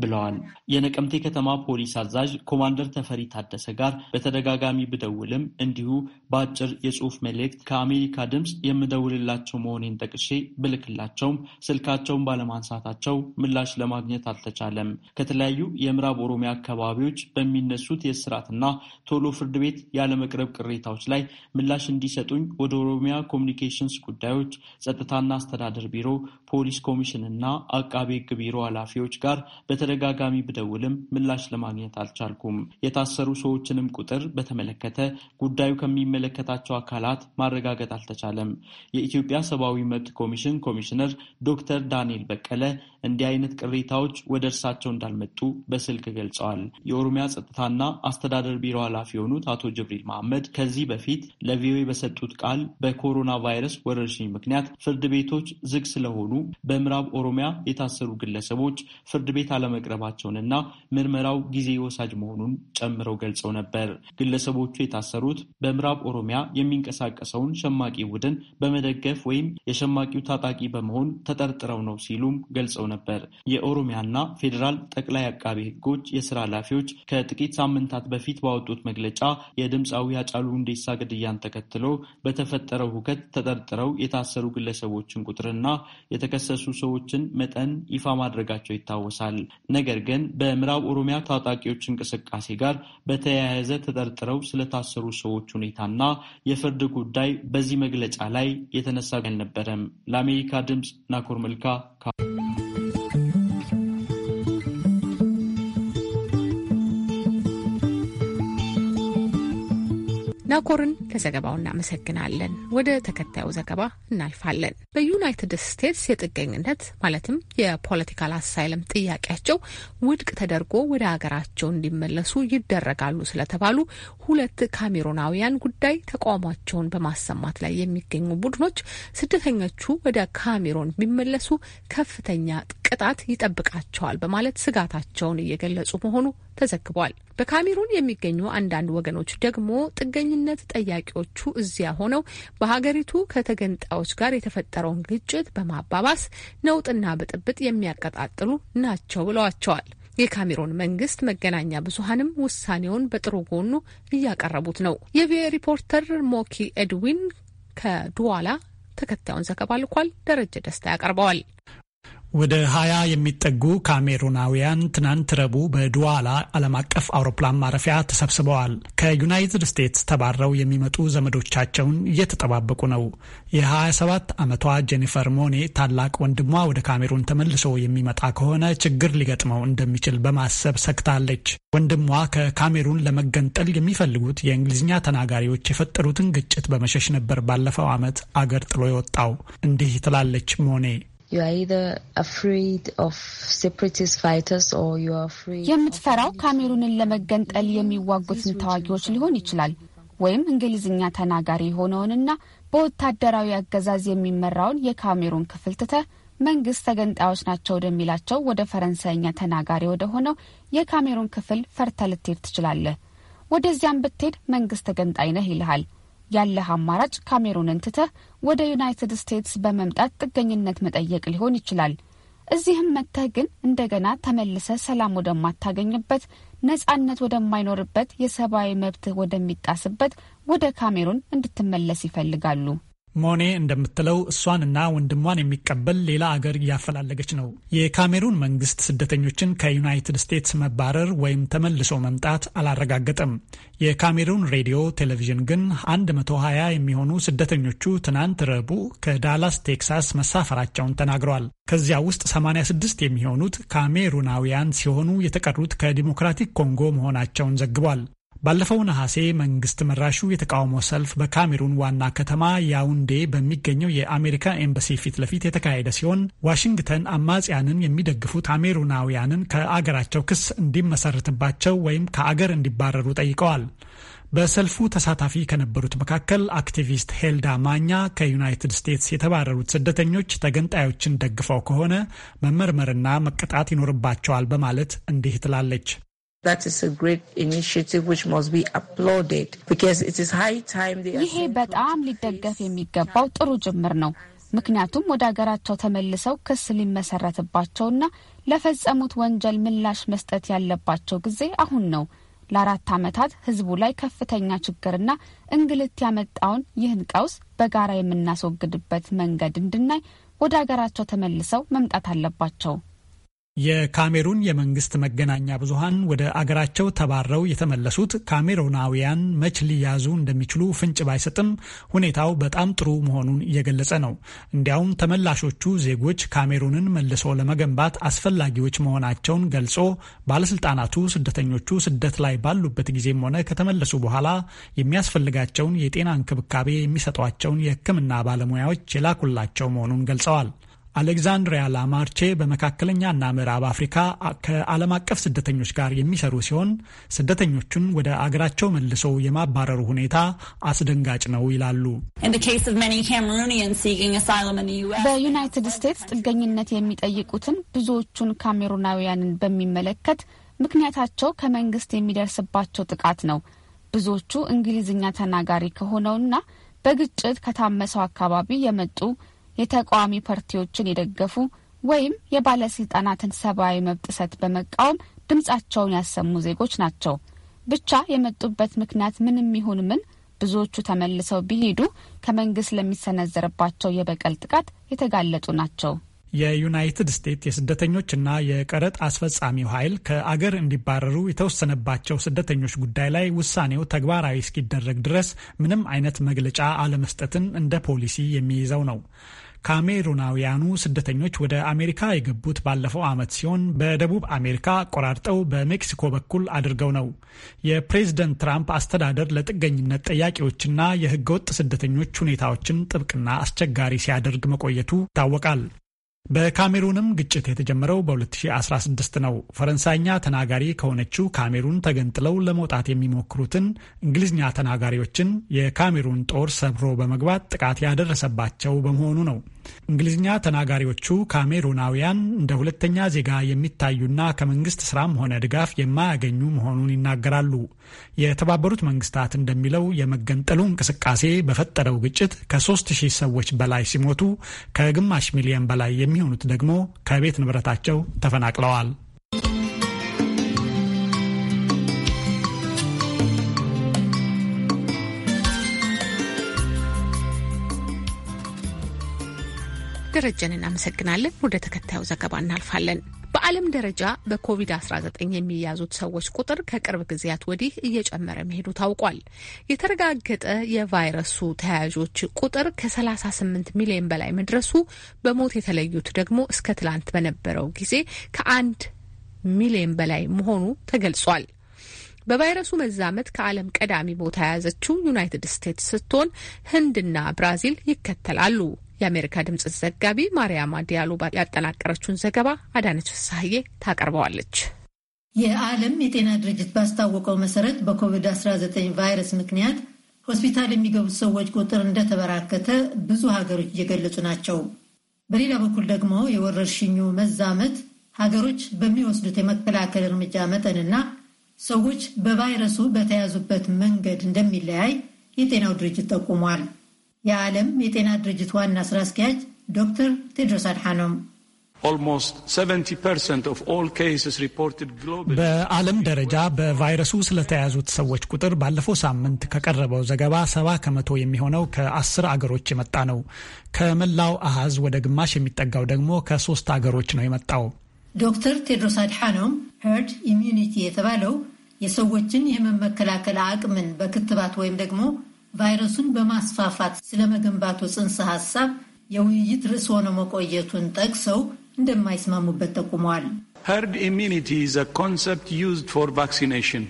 ብለዋል። የነቀምቴ ከተማ ፖሊስ አዛዥ ኮማንደር ተፈሪ ታደሰ ጋር በተደጋጋሚ ብደውልም እንዲሁ በአጭር የጽሁፍ መልእክት ከአሜሪካ ድምፅ የምደውልላቸው መሆኔን ጠቅሼ ብልክላቸውም ስልካቸውን ባለማንሳታቸው ምላሽ ለማግኘት አልተቻለም። ከተለያዩ የምዕራብ ኦሮሚያ አካባቢዎች በሚነሱት የእስራትና ቶሎ ፍርድ ቤት ያለመቅረብ ቅሬታዎች ላይ ምላሽ እንዲሰጡኝ ወደ ኦሮሚያ ኮሚኒኬሽንስ ጉዳዮች፣ ጸጥታና አስተዳደር ቢሮ፣ ፖሊስ ኮሚሽን እና አቃቤ ህግ ቢሮ ኃላፊዎች ጋር በተደጋጋሚ ብደውልም ምላሽ ለማግኘት አልቻልኩም። የታሰሩ ሰዎችንም ቁጥር በተመለከተ ጉዳዩ ከሚመለከታቸው አካላት ማረጋገጥ አልተቻለም። የኢትዮጵያ ሰብአዊ መብት ኮሚሽን ኮሚሽነር ዶክተር ዳንኤል በቀለ እንዲህ አይነት ቅሬታዎች ወደ እርሳቸው እንዳልመጡ በስልክ ገልጸዋል። የኦሮሚያ ጸጥታና አስተዳደር ቢሮ ኃላፊ የሆኑት አቶ ጅብሪል መሐመድ ከዚህ በፊት ለቪኦኤ በሰጡት ቃል በኮሮና ቫይረስ ወረርሽኝ ምክንያት ፍርድ ቤቶች ዝግ ስለሆኑ በምዕራብ ኦሮሚያ የታሰሩ ግለሰቦች ፍርድ ቤት አለ በመቅረባቸውንና ምርመራው ጊዜ ወሳጅ መሆኑን ጨምረው ገልጸው ነበር። ግለሰቦቹ የታሰሩት በምዕራብ ኦሮሚያ የሚንቀሳቀሰውን ሸማቂ ቡድን በመደገፍ ወይም የሸማቂው ታጣቂ በመሆን ተጠርጥረው ነው ሲሉም ገልጸው ነበር። የኦሮሚያና ፌዴራል ጠቅላይ አቃቢ ሕጎች የስራ ኃላፊዎች ከጥቂት ሳምንታት በፊት ባወጡት መግለጫ የድምፃዊ አጫሉ ሁንዴሳ ግድያን ተከትሎ በተፈጠረው ሁከት ተጠርጥረው የታሰሩ ግለሰቦችን ቁጥርና የተከሰሱ ሰዎችን መጠን ይፋ ማድረጋቸው ይታወሳል። ነገር ግን በምዕራብ ኦሮሚያ ታጣቂዎች እንቅስቃሴ ጋር በተያያዘ ተጠርጥረው ስለታሰሩ ሰዎች ሁኔታና የፍርድ ጉዳይ በዚህ መግለጫ ላይ የተነሳ አልነበረም። ለአሜሪካ ድምፅ ናኮር መልካ ታኮርን ለዘገባው እናመሰግናለን። ወደ ተከታዩ ዘገባ እናልፋለን። በዩናይትድ ስቴትስ የጥገኝነት ማለትም የፖለቲካል አሳይለም ጥያቄያቸው ውድቅ ተደርጎ ወደ ሀገራቸው እንዲመለሱ ይደረጋሉ ስለተባሉ ሁለት ካሜሮናውያን ጉዳይ ተቃውሟቸውን በማሰማት ላይ የሚገኙ ቡድኖች ስደተኞቹ ወደ ካሜሮን ቢመለሱ ከፍተኛ ቅጣት ይጠብቃቸዋል በማለት ስጋታቸውን እየገለጹ መሆኑ ተዘግቧል። በካሜሩን የሚገኙ አንዳንድ ወገኖች ደግሞ ጥገኝነት ጠያቂዎቹ እዚያ ሆነው በሀገሪቱ ከተገንጣዮች ጋር የተፈጠረውን ግጭት በማባባስ ነውጥና ብጥብጥ የሚያቀጣጥሉ ናቸው ብለዋቸዋል። የካሜሮን መንግስት መገናኛ ብዙሀንም ውሳኔውን በጥሩ ጎኑ እያቀረቡት ነው። የቪኦኤ ሪፖርተር ሞኪ ኤድዊን ከዱዋላ ተከታዩን ዘገባ ልኳል። ደረጀ ደስታ ያቀርበዋል። ወደ ሀያ የሚጠጉ ካሜሩናውያን ትናንት ረቡዕ በዱዋላ ዓለም አቀፍ አውሮፕላን ማረፊያ ተሰብስበዋል። ከዩናይትድ ስቴትስ ተባረው የሚመጡ ዘመዶቻቸውን እየተጠባበቁ ነው። የ27 ዓመቷ ጄኒፈር ሞኔ ታላቅ ወንድሟ ወደ ካሜሩን ተመልሶ የሚመጣ ከሆነ ችግር ሊገጥመው እንደሚችል በማሰብ ሰግታለች። ወንድሟ ከካሜሩን ለመገንጠል የሚፈልጉት የእንግሊዝኛ ተናጋሪዎች የፈጠሩትን ግጭት በመሸሽ ነበር ባለፈው ዓመት አገር ጥሎ የወጣው። እንዲህ ትላለች ሞኔ የምትፈራው ካሜሩንን ለመገንጠል የሚዋጉትን ተዋጊዎች ሊሆን ይችላል ወይም እንግሊዝኛ ተናጋሪ የሆነውንና በወታደራዊ አገዛዝ የሚመራውን የካሜሩን ክፍል ትተህ መንግስት ተገንጣዮች ናቸው ወደሚላቸው ወደ ፈረንሳይኛ ተናጋሪ ወደ ሆነው የካሜሩን ክፍል ፈርተ ልትሄድ ትችላለህ። ወደዚያም ብትሄድ መንግስት ተገንጣይ ነህ ይልሃል። ያለህ አማራጭ ካሜሩንን ትተህ ወደ ዩናይትድ ስቴትስ በመምጣት ጥገኝነት መጠየቅ ሊሆን ይችላል። እዚህም መጥተህ ግን እንደገና ተመልሰ ሰላም ወደማታገኝበት፣ ነጻነት ወደማይኖርበት፣ የሰብአዊ መብትህ ወደሚጣስበት ወደ ካሜሩን እንድትመለስ ይፈልጋሉ። ሞኔ እንደምትለው እሷንና ወንድሟን የሚቀበል ሌላ አገር እያፈላለገች ነው። የካሜሩን መንግስት ስደተኞችን ከዩናይትድ ስቴትስ መባረር ወይም ተመልሶ መምጣት አላረጋገጠም። የካሜሩን ሬዲዮ ቴሌቪዥን ግን 120 የሚሆኑ ስደተኞቹ ትናንት ረቡዕ ከዳላስ ቴክሳስ መሳፈራቸውን ተናግረዋል። ከዚያ ውስጥ 86 የሚሆኑት ካሜሩናውያን ሲሆኑ የተቀሩት ከዲሞክራቲክ ኮንጎ መሆናቸውን ዘግቧል። ባለፈው ነሐሴ መንግስት መራሹ የተቃውሞ ሰልፍ በካሜሩን ዋና ከተማ ያውንዴ በሚገኘው የአሜሪካ ኤምባሲ ፊት ለፊት የተካሄደ ሲሆን ዋሽንግተን አማጽያንን የሚደግፉ ካሜሩናውያንን ከአገራቸው ክስ እንዲመሰርትባቸው ወይም ከአገር እንዲባረሩ ጠይቀዋል። በሰልፉ ተሳታፊ ከነበሩት መካከል አክቲቪስት ሄልዳ ማኛ ከዩናይትድ ስቴትስ የተባረሩት ስደተኞች ተገንጣዮችን ደግፈው ከሆነ መመርመርና መቀጣት ይኖርባቸዋል በማለት እንዲህ ትላለች። ይሄ በጣም ሊደገፍ የሚገባው ጥሩ ጅምር ነው። ምክንያቱም ወደ ሀገራቸው ተመልሰው ክስ ሊመሰረትባቸውና ለፈጸሙት ወንጀል ምላሽ መስጠት ያለባቸው ጊዜ አሁን ነው። ለአራት ዓመታት ሕዝቡ ላይ ከፍተኛ ችግርና እንግልት ያመጣውን ይህን ቀውስ በጋራ የምናስወግድበት መንገድ እንድናይ ወደ ሀገራቸው ተመልሰው መምጣት አለባቸው። የካሜሩን የመንግስት መገናኛ ብዙሃን ወደ አገራቸው ተባረው የተመለሱት ካሜሩናውያን መች ሊያዙ እንደሚችሉ ፍንጭ ባይሰጥም ሁኔታው በጣም ጥሩ መሆኑን እየገለጸ ነው። እንዲያውም ተመላሾቹ ዜጎች ካሜሩንን መልሶ ለመገንባት አስፈላጊዎች መሆናቸውን ገልጾ ባለስልጣናቱ ስደተኞቹ ስደት ላይ ባሉበት ጊዜም ሆነ ከተመለሱ በኋላ የሚያስፈልጋቸውን የጤና እንክብካቤ የሚሰጧቸውን የሕክምና ባለሙያዎች የላኩላቸው መሆኑን ገልጸዋል። አሌክዛንድሪያ ላማርቼ በመካከለኛና ምዕራብ አፍሪካ ከዓለም አቀፍ ስደተኞች ጋር የሚሰሩ ሲሆን ስደተኞቹን ወደ አገራቸው መልሶ የማባረሩ ሁኔታ አስደንጋጭ ነው ይላሉ። በዩናይትድ ስቴትስ ጥገኝነት የሚጠይቁትን ብዙዎቹን ካሜሩናውያንን በሚመለከት ምክንያታቸው ከመንግስት የሚደርስባቸው ጥቃት ነው። ብዙዎቹ እንግሊዝኛ ተናጋሪ ከሆነውና በግጭት ከታመሰው አካባቢ የመጡ የተቃዋሚ ፓርቲዎችን የደገፉ ወይም የባለስልጣናትን ሰብአዊ መብት ጥሰት በመቃወም ድምጻቸውን ያሰሙ ዜጎች ናቸው። ብቻ የመጡበት ምክንያት ምንም ይሁን ምን ብዙዎቹ ተመልሰው ቢሄዱ ከመንግስት ለሚሰነዘርባቸው የበቀል ጥቃት የተጋለጡ ናቸው። የዩናይትድ ስቴትስ የስደተኞችና የቀረጥ አስፈጻሚው ኃይል ከአገር እንዲባረሩ የተወሰነባቸው ስደተኞች ጉዳይ ላይ ውሳኔው ተግባራዊ እስኪደረግ ድረስ ምንም አይነት መግለጫ አለመስጠትን እንደ ፖሊሲ የሚይዘው ነው። ካሜሩናውያኑ ስደተኞች ወደ አሜሪካ የገቡት ባለፈው ዓመት ሲሆን በደቡብ አሜሪካ ቆራርጠው በሜክሲኮ በኩል አድርገው ነው። የፕሬዝደንት ትራምፕ አስተዳደር ለጥገኝነት ጠያቂዎችና የህገወጥ ስደተኞች ሁኔታዎችን ጥብቅና አስቸጋሪ ሲያደርግ መቆየቱ ይታወቃል። በካሜሩንም ግጭት የተጀመረው በ2016 ነው። ፈረንሳይኛ ተናጋሪ ከሆነችው ካሜሩን ተገንጥለው ለመውጣት የሚሞክሩትን እንግሊዝኛ ተናጋሪዎችን የካሜሩን ጦር ሰብሮ በመግባት ጥቃት ያደረሰባቸው በመሆኑ ነው። እንግሊዝኛ ተናጋሪዎቹ ካሜሩናውያን እንደ ሁለተኛ ዜጋ የሚታዩና ከመንግስት ስራም ሆነ ድጋፍ የማያገኙ መሆኑን ይናገራሉ። የተባበሩት መንግስታት እንደሚለው የመገንጠሉ እንቅስቃሴ በፈጠረው ግጭት ከ3000 ሰዎች በላይ ሲሞቱ ከግማሽ ሚሊዮን በላይ የሚሆኑት ደግሞ ከቤት ንብረታቸው ተፈናቅለዋል። ደረጀን እናመሰግናለን። ወደ ተከታዩ ዘገባ እናልፋለን። በዓለም ደረጃ በኮቪድ-19 የሚያዙት ሰዎች ቁጥር ከቅርብ ጊዜያት ወዲህ እየጨመረ መሄዱ ታውቋል። የተረጋገጠ የቫይረሱ ተያያዦች ቁጥር ከ38 ሚሊዮን በላይ መድረሱ፣ በሞት የተለዩት ደግሞ እስከ ትላንት በነበረው ጊዜ ከአንድ ሚሊዮን በላይ መሆኑ ተገልጿል። በቫይረሱ መዛመት ከዓለም ቀዳሚ ቦታ የያዘችው ዩናይትድ ስቴትስ ስትሆን ህንድና ብራዚል ይከተላሉ። የአሜሪካ ድምጽ ዘጋቢ ማርያማ ዲያሎ ያጠናቀረችውን ዘገባ አዳነች ፍሳሀዬ ታቀርበዋለች። የዓለም የጤና ድርጅት ባስታወቀው መሰረት በኮቪድ-19 ቫይረስ ምክንያት ሆስፒታል የሚገቡት ሰዎች ቁጥር እንደተበራከተ ብዙ ሀገሮች እየገለጹ ናቸው። በሌላ በኩል ደግሞ የወረርሽኙ መዛመት ሀገሮች በሚወስዱት የመከላከል እርምጃ መጠንና ሰዎች በቫይረሱ በተያዙበት መንገድ እንደሚለያይ የጤናው ድርጅት ጠቁሟል። የዓለም የጤና ድርጅት ዋና ስራ አስኪያጅ ዶክተር ቴድሮስ አድሓኖም በዓለም ደረጃ በቫይረሱ ስለተያዙት ሰዎች ቁጥር ባለፈው ሳምንት ከቀረበው ዘገባ ሰባ ከመቶ የሚሆነው ከአስር አገሮች የመጣ ነው። ከመላው አሃዝ ወደ ግማሽ የሚጠጋው ደግሞ ከሶስት አገሮች ነው የመጣው። ዶክተር ቴድሮስ አድሓኖም ሄርድ ኢሚዩኒቲ የተባለው የሰዎችን የህመም መከላከል አቅምን በክትባት ወይም ደግሞ ቫይረሱን በማስፋፋት ስለመገንባቱ ጽንሰ ሀሳብ የውይይት ርዕስ ሆኖ መቆየቱን ጠቅሰው እንደማይስማሙበት ጠቁመዋል። ሄርድ ኢሚኒቲ ኢዝ ኮንሰፕት ዩዝድ ፎር ቫክሲኔሽን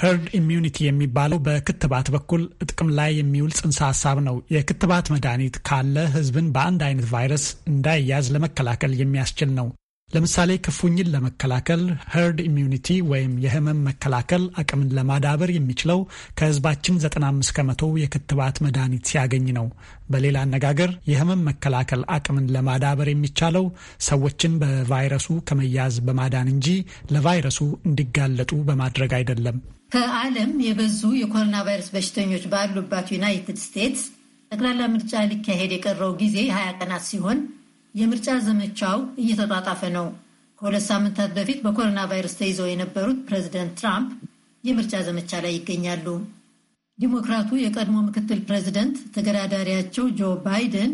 ሄርድ ኢሚዩኒቲ የሚባለው በክትባት በኩል ጥቅም ላይ የሚውል ጽንሰ ሀሳብ ነው። የክትባት መድኃኒት ካለ ህዝብን በአንድ አይነት ቫይረስ እንዳይያዝ ለመከላከል የሚያስችል ነው። ለምሳሌ ክፉኝን ለመከላከል ሄርድ ኢሚዩኒቲ ወይም የህመም መከላከል አቅምን ለማዳበር የሚችለው ከህዝባችን 95 ከመቶ የክትባት መድኃኒት ሲያገኝ ነው። በሌላ አነጋገር የህመም መከላከል አቅምን ለማዳበር የሚቻለው ሰዎችን በቫይረሱ ከመያዝ በማዳን እንጂ ለቫይረሱ እንዲጋለጡ በማድረግ አይደለም። ከዓለም የበዙ የኮሮና ቫይረስ በሽተኞች ባሉባት ዩናይትድ ስቴትስ ጠቅላላ ምርጫ ሊካሄድ የቀረው ጊዜ 20 ቀናት ሲሆን የምርጫ ዘመቻው እየተጣጣፈ ነው። ከሁለት ሳምንታት በፊት በኮሮና ቫይረስ ተይዘው የነበሩት ፕሬዚደንት ትራምፕ የምርጫ ዘመቻ ላይ ይገኛሉ። ዲሞክራቱ የቀድሞ ምክትል ፕሬዚደንት ተገዳዳሪያቸው ጆ ባይደን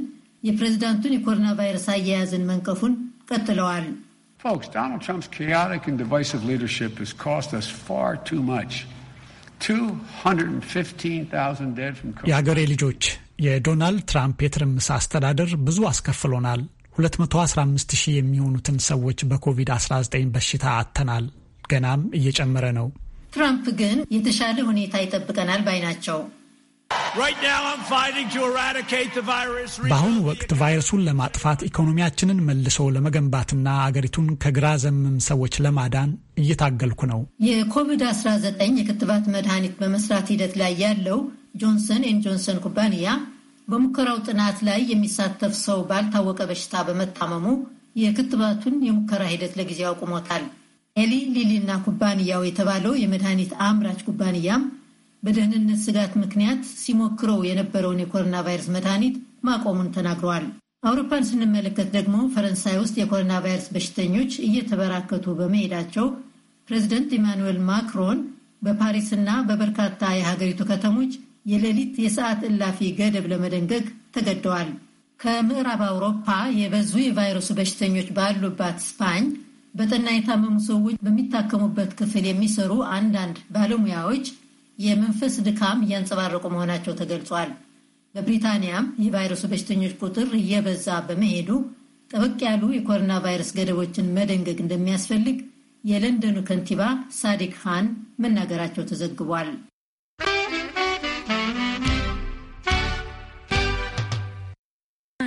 የፕሬዚዳንቱን የኮሮና ቫይረስ አያያዝን መንቀፉን ቀጥለዋል። የሀገሬ ልጆች የዶናልድ ትራምፕ የትርምስ አስተዳደር ብዙ አስከፍሎናል። 215 ሺህ የሚሆኑትን ሰዎች በኮቪድ-19 በሽታ አጥተናል። ገናም እየጨመረ ነው። ትራምፕ ግን የተሻለ ሁኔታ ይጠብቀናል ባይ ናቸው። በአሁኑ ወቅት ቫይረሱን ለማጥፋት ኢኮኖሚያችንን መልሶ ለመገንባትና አገሪቱን ከግራ ዘመም ሰዎች ለማዳን እየታገልኩ ነው። የኮቪድ-19 የክትባት መድኃኒት በመስራት ሂደት ላይ ያለው ጆንሰን ኤን ጆንሰን ኩባንያ በሙከራው ጥናት ላይ የሚሳተፍ ሰው ባልታወቀ በሽታ በመታመሙ የክትባቱን የሙከራ ሂደት ለጊዜው አቁሞታል። ኤሊ ሊሊና ኩባንያው የተባለው የመድኃኒት አምራች ኩባንያም በደህንነት ስጋት ምክንያት ሲሞክረው የነበረውን የኮሮና ቫይረስ መድኃኒት ማቆሙን ተናግረዋል። አውሮፓን ስንመለከት ደግሞ ፈረንሳይ ውስጥ የኮሮና ቫይረስ በሽተኞች እየተበራከቱ በመሄዳቸው ፕሬዚደንት ኢማኑዌል ማክሮን በፓሪስና በበርካታ የሀገሪቱ ከተሞች የሌሊት የሰዓት እላፊ ገደብ ለመደንገግ ተገደዋል። ከምዕራብ አውሮፓ የበዙ የቫይረሱ በሽተኞች ባሉባት ስፓኝ በጠና የታመሙ ሰዎች በሚታከሙበት ክፍል የሚሰሩ አንዳንድ ባለሙያዎች የመንፈስ ድካም እያንጸባረቁ መሆናቸው ተገልጿል። በብሪታንያም የቫይረሱ በሽተኞች ቁጥር እየበዛ በመሄዱ ጠበቅ ያሉ የኮሮና ቫይረስ ገደቦችን መደንገግ እንደሚያስፈልግ የለንደኑ ከንቲባ ሳዲክ ሃን መናገራቸው ተዘግቧል።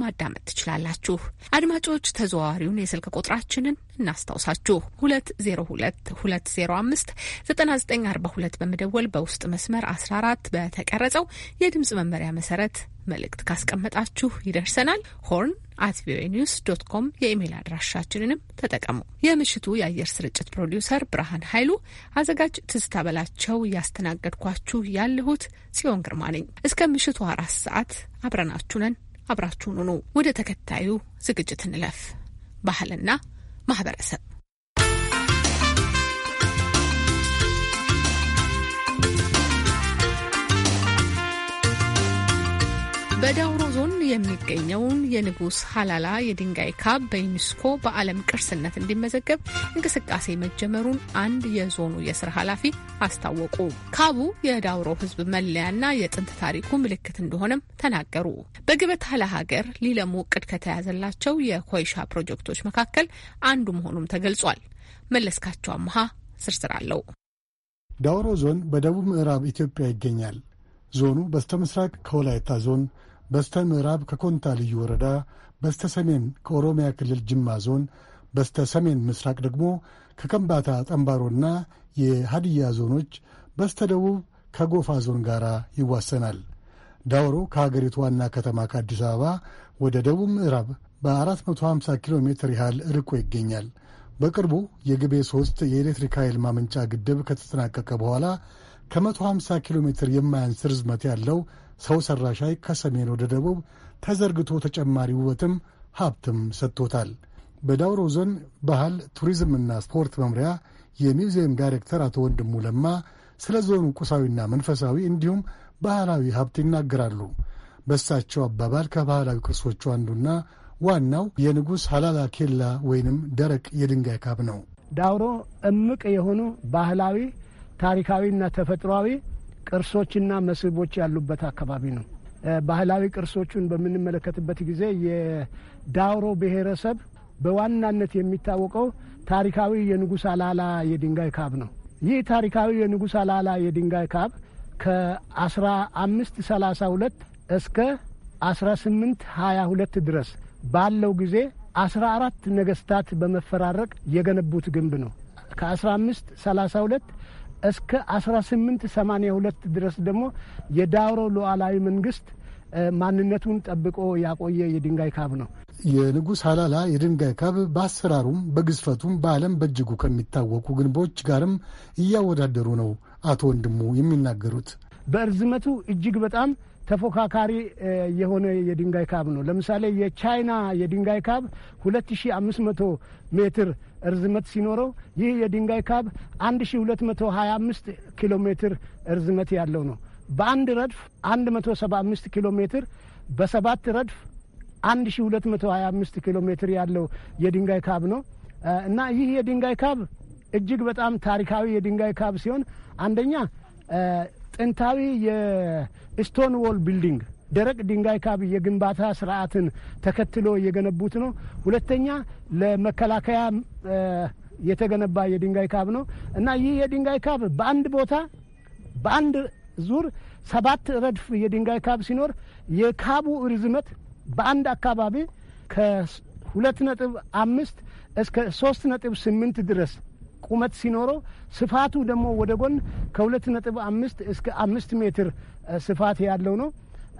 ማዳመጥ ትችላላችሁ። አድማጮች ተዘዋዋሪውን የስልክ ቁጥራችንን እናስታውሳችሁ 2022059942 በመደወል በውስጥ መስመር 14 በተቀረጸው የድምፅ መመሪያ መሰረት መልእክት ካስቀመጣችሁ ይደርሰናል። ሆርን አት ቪኦኤ ኒውስ ዶት ኮም የኢሜይል አድራሻችንንም ተጠቀሙ። የምሽቱ የአየር ስርጭት ፕሮዲውሰር ብርሃን ኃይሉ፣ አዘጋጅ ትዝታ በላቸው፣ እያስተናገድኳችሁ ያለሁት ጽዮን ግርማ ነኝ። እስከ ምሽቱ አራት ሰዓት አብረናችሁ ነን። አብራችሁን ሁኑ። ወደ ተከታዩ ዝግጅት እንለፍ። ባህልና ማህበረሰብ በዳውሮ ዞን የሚገኘውን የንጉስ ሀላላ የድንጋይ ካብ በዩኒስኮ በዓለም ቅርስነት እንዲመዘገብ እንቅስቃሴ መጀመሩን አንድ የዞኑ የስራ ኃላፊ አስታወቁ። ካቡ የዳውሮ ሕዝብ መለያና የጥንት ታሪኩ ምልክት እንደሆነም ተናገሩ። በግበት ሀላ ሀገር ሊለሙ እቅድ ከተያዘላቸው የኮይሻ ፕሮጀክቶች መካከል አንዱ መሆኑም ተገልጿል። መለስካቸው አመሃ ስርስር አለው። ዳውሮ ዞን በደቡብ ምዕራብ ኢትዮጵያ ይገኛል። ዞኑ ምስራቅ ከወላይታ ዞን በስተ ምዕራብ ከኮንታ ልዩ ወረዳ፣ በስተ ሰሜን ከኦሮሚያ ክልል ጅማ ዞን፣ በስተ ሰሜን ምስራቅ ደግሞ ከከምባታ ጠንባሮና የሀዲያ ዞኖች፣ በስተ ደቡብ ከጎፋ ዞን ጋር ይዋሰናል። ዳውሮ ከሀገሪቱ ዋና ከተማ ከአዲስ አበባ ወደ ደቡብ ምዕራብ በ450 ኪሎ ሜትር ያህል ርቆ ይገኛል። በቅርቡ የግቤ ሶስት የኤሌክትሪክ ኃይል ማመንጫ ግድብ ከተጠናቀቀ በኋላ ከ150 ኪሎ ሜትር የማያንስ ርዝመት ያለው ሰው ሰራሽ ሐይቅ ከሰሜን ወደ ደቡብ ተዘርግቶ ተጨማሪ ውበትም ሀብትም ሰጥቶታል። በዳውሮ ዞን ባህል ቱሪዝምና ስፖርት መምሪያ የሚውዚየም ዳይሬክተር አቶ ወንድሙ ለማ ስለ ዞኑ ቁሳዊና መንፈሳዊ እንዲሁም ባህላዊ ሀብት ይናገራሉ። በእሳቸው አባባል ከባህላዊ ቅርሶቹ አንዱና ዋናው የንጉሥ ሀላላ ኬላ ወይንም ደረቅ የድንጋይ ካብ ነው። ዳውሮ እምቅ የሆኑ ባህላዊ ታሪካዊና ተፈጥሯዊ ቅርሶችና መስህቦች ያሉበት አካባቢ ነው። ባህላዊ ቅርሶቹን በምንመለከትበት ጊዜ የዳውሮ ብሔረሰብ በዋናነት የሚታወቀው ታሪካዊ የንጉሥ አላላ የድንጋይ ካብ ነው። ይህ ታሪካዊ የንጉሥ አላላ የድንጋይ ካብ ከ1532 እስከ 1822 ድረስ ባለው ጊዜ 14 ነገስታት በመፈራረቅ የገነቡት ግንብ ነው። ከ1532 እስከ 1882 ድረስ ደግሞ የዳውሮ ሉዓላዊ መንግስት ማንነቱን ጠብቆ ያቆየ የድንጋይ ካብ ነው። የንጉሥ ሀላላ የድንጋይ ካብ በአሰራሩም በግዝፈቱም በዓለም በእጅጉ ከሚታወቁ ግንቦች ጋርም እያወዳደሩ ነው አቶ ወንድሙ የሚናገሩት። በእርዝመቱ እጅግ በጣም ተፎካካሪ የሆነ የድንጋይ ካብ ነው። ለምሳሌ የቻይና የድንጋይ ካብ 2500 ሜትር እርዝመት ሲኖረው ይህ የድንጋይ ካብ 1225 ኪሎ ሜትር እርዝመት ያለው ነው። በአንድ ረድፍ 175 ኪሎ ሜትር፣ በሰባት ረድፍ 1225 ኪሎ ሜትር ያለው የድንጋይ ካብ ነው እና ይህ የድንጋይ ካብ እጅግ በጣም ታሪካዊ የድንጋይ ካብ ሲሆን አንደኛ ጥንታዊ የስቶን ዎል ቢልዲንግ ደረቅ ድንጋይ ካብ የግንባታ ስርዓትን ተከትሎ የገነቡት ነው። ሁለተኛ ለመከላከያ የተገነባ የድንጋይ ካብ ነው እና ይህ የድንጋይ ካብ በአንድ ቦታ በአንድ ዙር ሰባት ረድፍ የድንጋይ ካብ ሲኖር የካቡ ርዝመት በአንድ አካባቢ ከሁለት ነጥብ አምስት እስከ ሶስት ነጥብ ስምንት ድረስ ቁመት ሲኖረው ስፋቱ ደግሞ ወደ ጎን ከሁለት ነጥብ አምስት እስከ አምስት ሜትር ስፋት ያለው ነው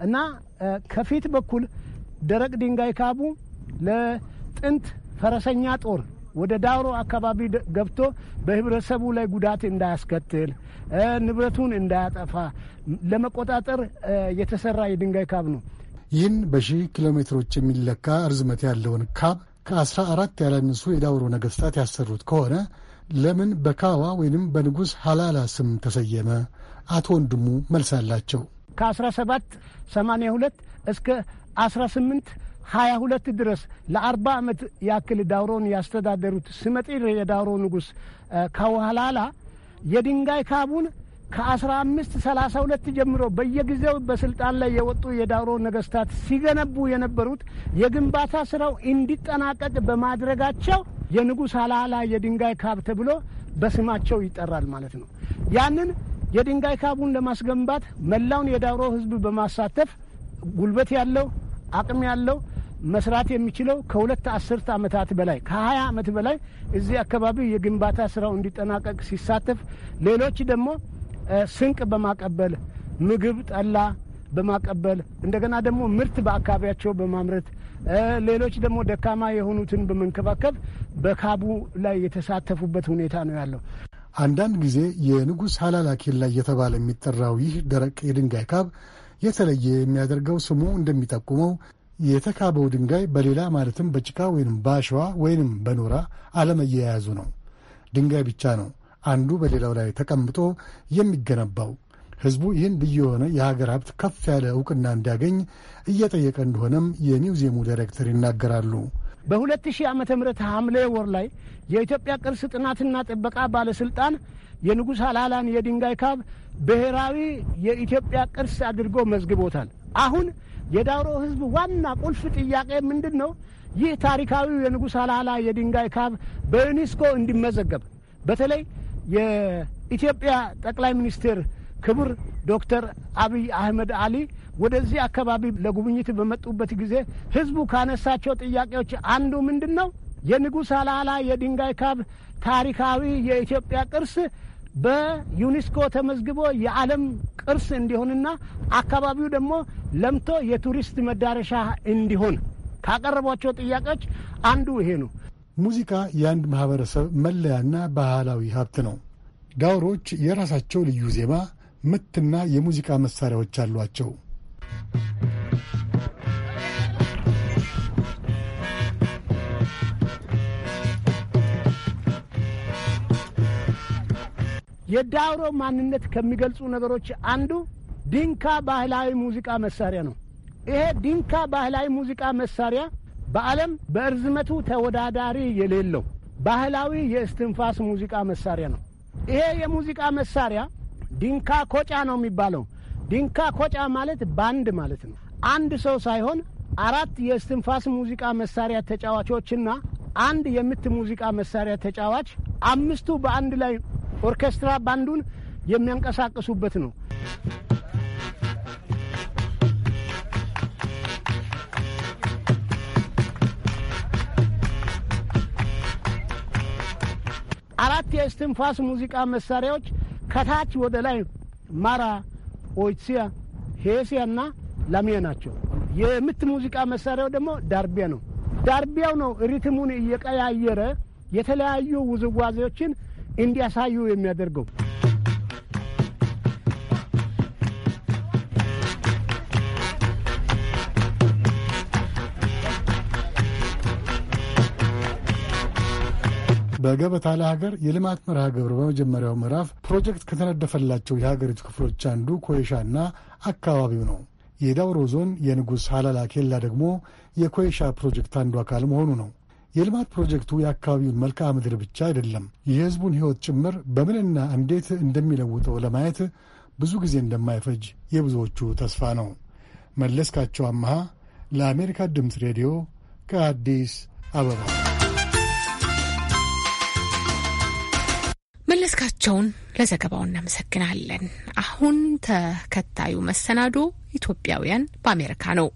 እና ከፊት በኩል ደረቅ ድንጋይ ካቡ ለጥንት ፈረሰኛ ጦር ወደ ዳውሮ አካባቢ ገብቶ በህብረተሰቡ ላይ ጉዳት እንዳያስከትል ንብረቱን እንዳያጠፋ ለመቆጣጠር የተሰራ የድንጋይ ካብ ነው። ይህን በሺህ ኪሎ ሜትሮች የሚለካ ርዝመት ያለውን ካብ ከአስራ አራት ያላነሱ የዳውሮ ነገስታት ያሰሩት ከሆነ ለምን በካዋ ወይንም በንጉሥ ሐላላ ስም ተሰየመ? አቶ ወንድሙ መልስ አላቸው። ከ1782 እስከ 18 ሀያ ሁለት ድረስ ለአርባ ዓመት ያክል ዳውሮን ያስተዳደሩት ስመጢር የዳውሮ ንጉሥ ካውሃላላ የድንጋይ ካቡን ከአስራ አምስት ሰላሳ ሁለት ጀምሮ በየጊዜው በስልጣን ላይ የወጡ የዳውሮ ነገስታት ሲገነቡ የነበሩት የግንባታ ስራው እንዲጠናቀቅ በማድረጋቸው የንጉሥ አላላ የድንጋይ ካብ ተብሎ በስማቸው ይጠራል ማለት ነው። ያንን የድንጋይ ካቡን ለማስገንባት መላውን የዳውሮ ህዝብ በማሳተፍ ጉልበት ያለው አቅም ያለው መስራት የሚችለው ከሁለት አስርት ዓመታት በላይ ከሀያ ዓመት በላይ እዚህ አካባቢ የግንባታ ስራው እንዲጠናቀቅ ሲሳተፍ፣ ሌሎች ደግሞ ስንቅ በማቀበል ምግብ፣ ጠላ በማቀበል እንደገና ደግሞ ምርት በአካባቢያቸው በማምረት ሌሎች ደግሞ ደካማ የሆኑትን በመንከባከብ በካቡ ላይ የተሳተፉበት ሁኔታ ነው ያለው። አንዳንድ ጊዜ የንጉሥ ሀላላኬን እየተባለ የሚጠራው ይህ ደረቅ የድንጋይ ካብ የተለየ የሚያደርገው ስሙ እንደሚጠቁመው የተካበው ድንጋይ በሌላ ማለትም በጭቃ ወይንም በአሸዋ ወይንም በኖራ አለመያያዙ ነው። ድንጋይ ብቻ ነው አንዱ በሌላው ላይ ተቀምጦ የሚገነባው። ሕዝቡ ይህን ልዩ የሆነ የሀገር ሀብት ከፍ ያለ እውቅና እንዲያገኝ እየጠየቀ እንደሆነም የሚውዚየሙ ዳይሬክተር ይናገራሉ። በ2000 ዓ ም ሐምሌ ወር ላይ የኢትዮጵያ ቅርስ ጥናትና ጥበቃ ባለስልጣን የንጉሥ አላላን የድንጋይ ካብ ብሔራዊ የኢትዮጵያ ቅርስ አድርጎ መዝግቦታል። አሁን የዳውሮ ሕዝብ ዋና ቁልፍ ጥያቄ ምንድን ነው? ይህ ታሪካዊው የንጉሥ አላላ የድንጋይ ካብ በዩኔስኮ እንዲመዘገብ በተለይ የኢትዮጵያ ጠቅላይ ሚኒስትር ክቡር ዶክተር አብይ አህመድ አሊ ወደዚህ አካባቢ ለጉብኝት በመጡበት ጊዜ ህዝቡ ካነሳቸው ጥያቄዎች አንዱ ምንድን ነው? የንጉሥ አላላ የድንጋይ ካብ ታሪካዊ የኢትዮጵያ ቅርስ በዩኒስኮ ተመዝግቦ የዓለም ቅርስ እንዲሆንና አካባቢው ደግሞ ለምቶ የቱሪስት መዳረሻ እንዲሆን ካቀረቧቸው ጥያቄዎች አንዱ ይሄ ነው። ሙዚቃ የአንድ ማህበረሰብ መለያና ባህላዊ ሀብት ነው። ዳውሮች የራሳቸው ልዩ ዜማ ምትና የሙዚቃ መሳሪያዎች አሏቸው። የዳውሮ ማንነት ከሚገልጹ ነገሮች አንዱ ዲንካ ባህላዊ ሙዚቃ መሳሪያ ነው። ይሄ ዲንካ ባህላዊ ሙዚቃ መሳሪያ በዓለም በእርዝመቱ ተወዳዳሪ የሌለው ባህላዊ የእስትንፋስ ሙዚቃ መሳሪያ ነው። ይሄ የሙዚቃ መሳሪያ ዲንካ ኮጫ ነው የሚባለው። ዲንካ ኮጫ ማለት ባንድ ማለት ነው። አንድ ሰው ሳይሆን አራት የእስትንፋስ ሙዚቃ መሳሪያ ተጫዋቾችና አንድ የምት ሙዚቃ መሳሪያ ተጫዋች አምስቱ በአንድ ላይ ኦርኬስትራ ባንዱን የሚያንቀሳቅሱበት ነው። አራት የእስትንፋስ ሙዚቃ መሳሪያዎች ከታች ወደ ላይ ማራ፣ ኦይሲያ፣ ሄሲያ እና ላሚያ ናቸው። የምት ሙዚቃ መሳሪያው ደግሞ ዳርቢያ ነው። ዳርቢያው ነው ሪትሙን እየቀያየረ የተለያዩ ውዝዋዜዎችን እንዲያሳዩ የሚያደርገው። በገበታ ለሀገር የልማት መርሃ ግብር በመጀመሪያው ምዕራፍ ፕሮጀክት ከተነደፈላቸው የሀገሪቱ ክፍሎች አንዱ ኮይሻና አካባቢው ነው። የዳውሮ ዞን የንጉሥ ሀላላ ኬላ ደግሞ የኮይሻ ፕሮጀክት አንዱ አካል መሆኑ ነው። የልማት ፕሮጀክቱ የአካባቢውን መልክዓ ምድር ብቻ አይደለም፣ የሕዝቡን ሕይወት ጭምር በምንና እንዴት እንደሚለውጠው ለማየት ብዙ ጊዜ እንደማይፈጅ የብዙዎቹ ተስፋ ነው። መለስካቸው አመሃ ለአሜሪካ ድምፅ ሬዲዮ ከአዲስ አበባ መለስካቸውን ለዘገባው እናመሰግናለን። አሁን ተከታዩ መሰናዶ ኢትዮጵያውያን በአሜሪካ ነው።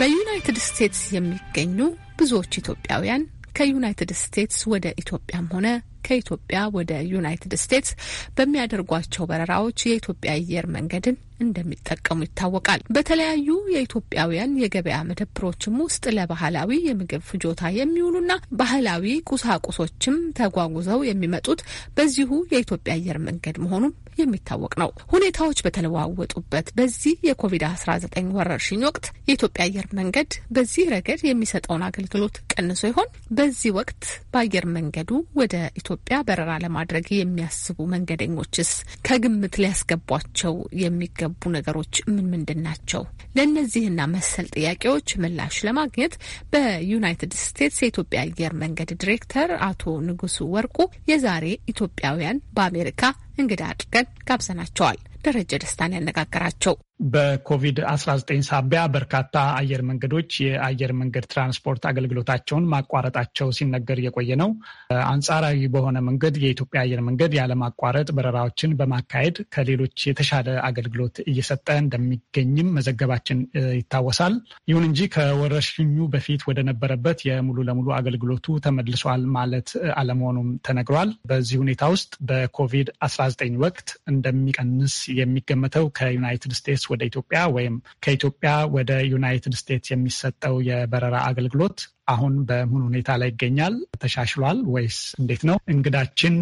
በዩናይትድ ስቴትስ የሚገኙ ብዙዎች ኢትዮጵያውያን ከዩናይትድ ስቴትስ ወደ ኢትዮጵያም ሆነ ከኢትዮጵያ ወደ ዩናይትድ ስቴትስ በሚያደርጓቸው በረራዎች የኢትዮጵያ አየር መንገድን እንደሚጠቀሙ ይታወቃል። በተለያዩ የኢትዮጵያውያን የገበያ መደብሮችም ውስጥ ለባህላዊ የምግብ ፍጆታ የሚውሉና ባህላዊ ቁሳቁሶችም ተጓጉዘው የሚመጡት በዚሁ የኢትዮጵያ አየር መንገድ መሆኑም የሚታወቅ ነው። ሁኔታዎች በተለዋወጡበት በዚህ የኮቪድ-19 ወረርሽኝ ወቅት የኢትዮጵያ አየር መንገድ በዚህ ረገድ የሚሰጠውን አገልግሎት ቀንሶ ይሆን? በዚህ ወቅት በአየር መንገዱ ወደ ኢትዮጵያ ኢትዮጵያ በረራ ለማድረግ የሚያስቡ መንገደኞችስ ከግምት ሊያስገቧቸው የሚገቡ ነገሮች ምን ምንድን ናቸው? ለእነዚህና መሰል ጥያቄዎች ምላሽ ለማግኘት በዩናይትድ ስቴትስ የኢትዮጵያ አየር መንገድ ዲሬክተር አቶ ንጉሱ ወርቁ የዛሬ ኢትዮጵያውያን በአሜሪካ እንግዳ አድርገን ጋብዘናቸዋል። ደረጀ ደስታን ያነጋገራቸው በኮቪድ-19 ሳቢያ በርካታ አየር መንገዶች የአየር መንገድ ትራንስፖርት አገልግሎታቸውን ማቋረጣቸው ሲነገር የቆየ ነው። አንጻራዊ በሆነ መንገድ የኢትዮጵያ አየር መንገድ ያለማቋረጥ በረራዎችን በማካሄድ ከሌሎች የተሻለ አገልግሎት እየሰጠ እንደሚገኝም መዘገባችን ይታወሳል። ይሁን እንጂ ከወረርሽኙ በፊት ወደ ነበረበት የሙሉ ለሙሉ አገልግሎቱ ተመልሷል ማለት አለመሆኑም ተነግሯል። በዚህ ሁኔታ ውስጥ በኮቪድ-19 ወቅት እንደሚቀንስ የሚገመተው ከዩናይትድ ስቴትስ ወደ ኢትዮጵያ ወይም ከኢትዮጵያ ወደ ዩናይትድ ስቴትስ የሚሰጠው የበረራ አገልግሎት አሁን በምን ሁኔታ ላይ ይገኛል? ተሻሽሏል ወይስ እንዴት ነው? እንግዳችን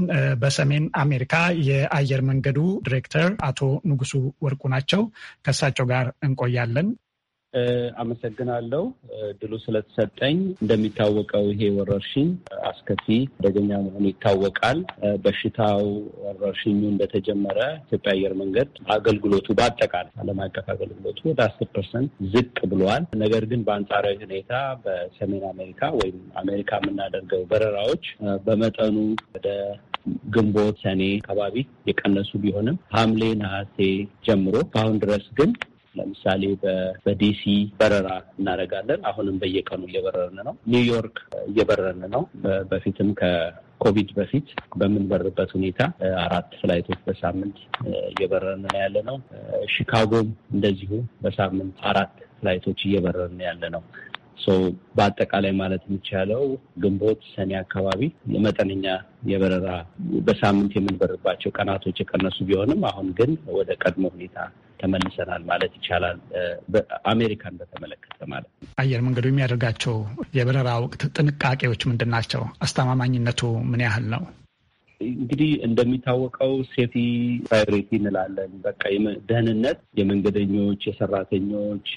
በሰሜን አሜሪካ የአየር መንገዱ ዲሬክተር አቶ ንጉሱ ወርቁ ናቸው። ከእሳቸው ጋር እንቆያለን። አመሰግናለሁ ድሉ ስለተሰጠኝ። እንደሚታወቀው ይሄ ወረርሽኝ አስከፊ አደገኛ መሆኑ ይታወቃል። በሽታው ወረርሽኙ እንደተጀመረ ኢትዮጵያ አየር መንገድ አገልግሎቱ በአጠቃላይ ዓለም አቀፍ አገልግሎቱ ወደ አስር ፐርሰንት ዝቅ ብሏል። ነገር ግን በአንጻራዊ ሁኔታ በሰሜን አሜሪካ ወይም አሜሪካ የምናደርገው በረራዎች በመጠኑ ወደ ግንቦት ሰኔ አካባቢ የቀነሱ ቢሆንም ሐምሌ ነሐሴ ጀምሮ እስካሁን ድረስ ግን ለምሳሌ በዲሲ በረራ እናደርጋለን። አሁንም በየቀኑ እየበረርን ነው። ኒውዮርክ እየበረርን ነው። በፊትም ከኮቪድ በፊት በምንበርበት ሁኔታ አራት ፍላይቶች በሳምንት እየበረርን ነው ያለ ነው። ሺካጎም እንደዚሁ በሳምንት አራት ፍላይቶች እየበረርን ያለ ነው። በአጠቃላይ ማለት የሚቻለው ግንቦት ሰኔ አካባቢ መጠነኛ የበረራ በሳምንት የምንበርባቸው ቀናቶች የቀነሱ ቢሆንም አሁን ግን ወደ ቀድሞ ሁኔታ ተመልሰናል ማለት ይቻላል። አሜሪካን በተመለከተ ማለት ነው። አየር መንገዱ የሚያደርጋቸው የበረራ ወቅት ጥንቃቄዎች ምንድን ናቸው? አስተማማኝነቱ ምን ያህል ነው? እንግዲህ እንደሚታወቀው ሴቲ ፕራዮሪቲ እንላለን። በቃ ደህንነት፣ የመንገደኞች የሰራተኞች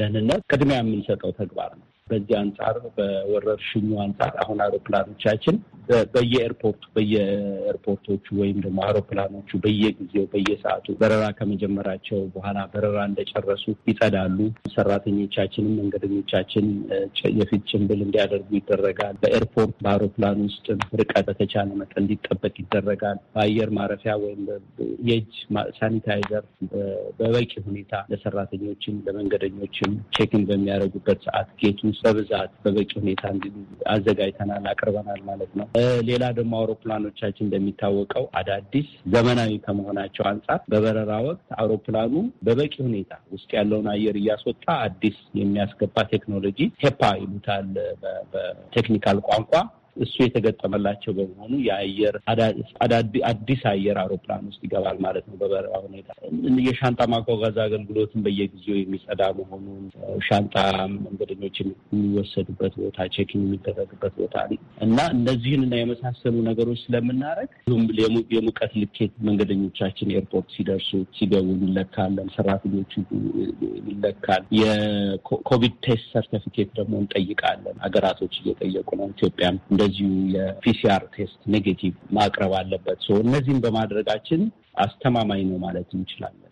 ደህንነት ቅድሚያ የምንሰጠው ተግባር ነው። በዚህ አንጻር በወረርሽኙ አንጻር አሁን አውሮፕላኖቻችን በየኤርፖርቱ በየኤርፖርቶቹ ወይም ደግሞ አውሮፕላኖቹ በየጊዜው በየሰዓቱ በረራ ከመጀመራቸው በኋላ በረራ እንደጨረሱ ይጸዳሉ። ሰራተኞቻችንም መንገደኞቻችን የፊት ጭንብል እንዲያደርጉ ይደረጋል። በኤርፖርት በአውሮፕላን ውስጥ ርቀት በተቻለ መጠን እንዲጠበቅ ይደረጋል። በአየር ማረፊያ ወይም የእጅ ሳኒታይዘር በበቂ ሁኔታ ለሰራተኞችም ለመንገደኞችም ቼክን በሚያደርጉበት ሰዓት ጌቱ በብዛት በበቂ ሁኔታ እንዲ አዘጋጅተናል አቅርበናል ማለት ነው። ሌላ ደግሞ አውሮፕላኖቻችን እንደሚታወቀው አዳዲስ ዘመናዊ ከመሆናቸው አንጻር በበረራ ወቅት አውሮፕላኑ በበቂ ሁኔታ ውስጥ ያለውን አየር እያስወጣ አዲስ የሚያስገባ ቴክኖሎጂ ሄፓ ይሉታል በቴክኒካል ቋንቋ እሱ የተገጠመላቸው በመሆኑ የአየር አዲስ አየር አውሮፕላን ውስጥ ይገባል ማለት ነው። በበረራ ሁኔታ የሻንጣ ማጓጓዝ አገልግሎትን በየጊዜው የሚጸዳ መሆኑን ሻንጣ መንገደኞች የሚወሰዱበት ቦታ፣ ቼኪን የሚደረግበት ቦታ እና እነዚህን እና የመሳሰሉ ነገሮች ስለምናደርግ የሙቀት ልኬት መንገደኞቻችን ኤርፖርት ሲደርሱ ሲገቡ እንለካለን። ሰራተኞቹ ይለካል። የኮቪድ ቴስት ሰርተፊኬት ደግሞ እንጠይቃለን። ሀገራቶች እየጠየቁ ነው። ኢትዮጵያም እንደ እንደዚሁ የፒሲአር ቴስት ኔጌቲቭ ማቅረብ አለበት። እነዚህም በማድረጋችን አስተማማኝ ነው ማለት እንችላለን።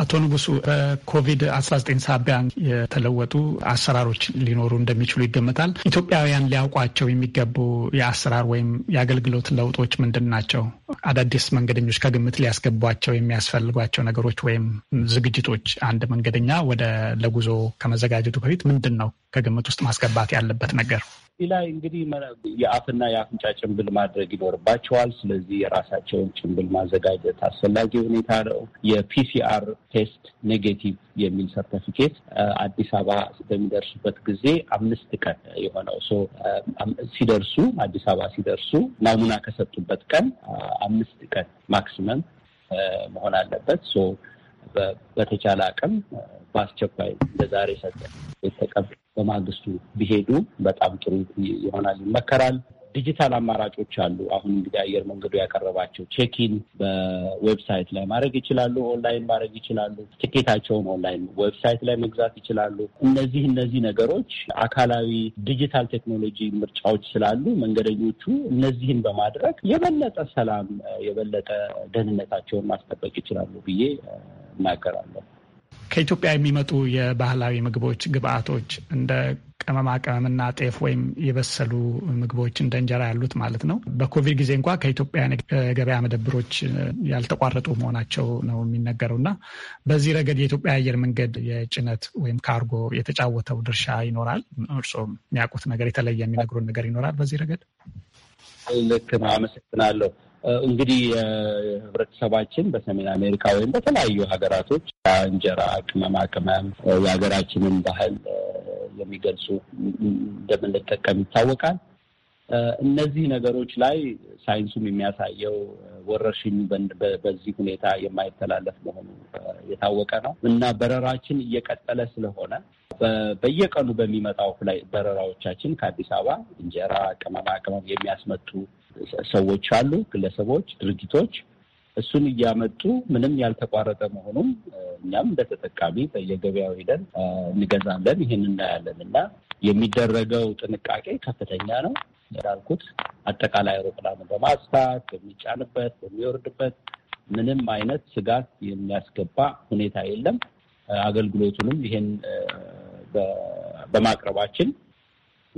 አቶ ንጉሱ በኮቪድ 19 ሳቢያ የተለወጡ አሰራሮች ሊኖሩ እንደሚችሉ ይገመታል። ኢትዮጵያውያን ሊያውቋቸው የሚገቡ የአሰራር ወይም የአገልግሎት ለውጦች ምንድን ናቸው? አዳዲስ መንገደኞች ከግምት ሊያስገቧቸው የሚያስፈልጓቸው ነገሮች ወይም ዝግጅቶች፣ አንድ መንገደኛ ወደ ለጉዞ ከመዘጋጀቱ በፊት ምንድን ነው ከግምት ውስጥ ማስገባት ያለበት ነገር? እዚህ ላይ እንግዲህ የአፍና የአፍንጫ ጭንብል ማድረግ ይኖርባቸዋል። ስለዚህ የራሳቸውን ጭንብል ማዘጋጀት አስፈላጊ ሁኔታ ነው። የፒሲአር ቴስት ኔጌቲቭ የሚል ሰርተፊኬት አዲስ አበባ በሚደርሱበት ጊዜ አምስት ቀን የሆነው ሲደርሱ አዲስ አበባ ሲደርሱ ናሙና ከሰጡበት ቀን አምስት ቀን ማክሲመም መሆን አለበት። በተቻለ አቅም በአስቸኳይ ለዛሬ ሰጠ የተቀብ በማግስቱ ቢሄዱ በጣም ጥሩ ይሆናል ይመከራል። ዲጂታል አማራጮች አሉ። አሁን እንግዲህ አየር መንገዱ ያቀረባቸው ቼኪን በዌብሳይት ላይ ማድረግ ይችላሉ፣ ኦንላይን ማድረግ ይችላሉ። ትኬታቸውን ኦንላይን ዌብሳይት ላይ መግዛት ይችላሉ። እነዚህ እነዚህ ነገሮች አካላዊ ዲጂታል ቴክኖሎጂ ምርጫዎች ስላሉ መንገደኞቹ እነዚህን በማድረግ የበለጠ ሰላም የበለጠ ደህንነታቸውን ማስጠበቅ ይችላሉ ብዬ እናገራለሁ። ከኢትዮጵያ የሚመጡ የባህላዊ ምግቦች ግብአቶች እንደ ቅመማ ቅመምና ጤፍ ወይም የበሰሉ ምግቦች እንደ እንጀራ ያሉት ማለት ነው። በኮቪድ ጊዜ እንኳ ከኢትዮጵያ ገበያ መደብሮች ያልተቋረጡ መሆናቸው ነው የሚነገረው እና በዚህ ረገድ የኢትዮጵያ አየር መንገድ የጭነት ወይም ካርጎ የተጫወተው ድርሻ ይኖራል። እርስዎ የሚያውቁት ነገር የተለየ የሚነግሩን ነገር ይኖራል በዚህ ረገድ? ልክ ነው። አመሰግናለሁ። እንግዲህ ህብረተሰባችን በሰሜን አሜሪካ ወይም በተለያዩ ሀገራቶች እንጀራ፣ ቅመማ ቅመም የሀገራችንን ባህል የሚገልጹ እንደምንጠቀም ይታወቃል። እነዚህ ነገሮች ላይ ሳይንሱም የሚያሳየው ወረርሽኙ በዚህ ሁኔታ የማይተላለፍ መሆኑ የታወቀ ነው እና በረራችን እየቀጠለ ስለሆነ በየቀኑ በሚመጣው በረራዎቻችን ከአዲስ አበባ እንጀራ፣ ቅመማ ቅመም የሚያስመጡ ሰዎች አሉ፣ ግለሰቦች፣ ድርጅቶች እሱን እያመጡ ምንም ያልተቋረጠ መሆኑም እኛም እንደ ተጠቃሚ በየገበያው ሄደን እንገዛለን። ይህን እናያለን እና የሚደረገው ጥንቃቄ ከፍተኛ ነው። እንዳልኩት አጠቃላይ አውሮፕላኑ በማስፋት በሚጫንበት በሚወርድበት ምንም አይነት ስጋት የሚያስገባ ሁኔታ የለም። አገልግሎቱንም ይህን በማቅረባችን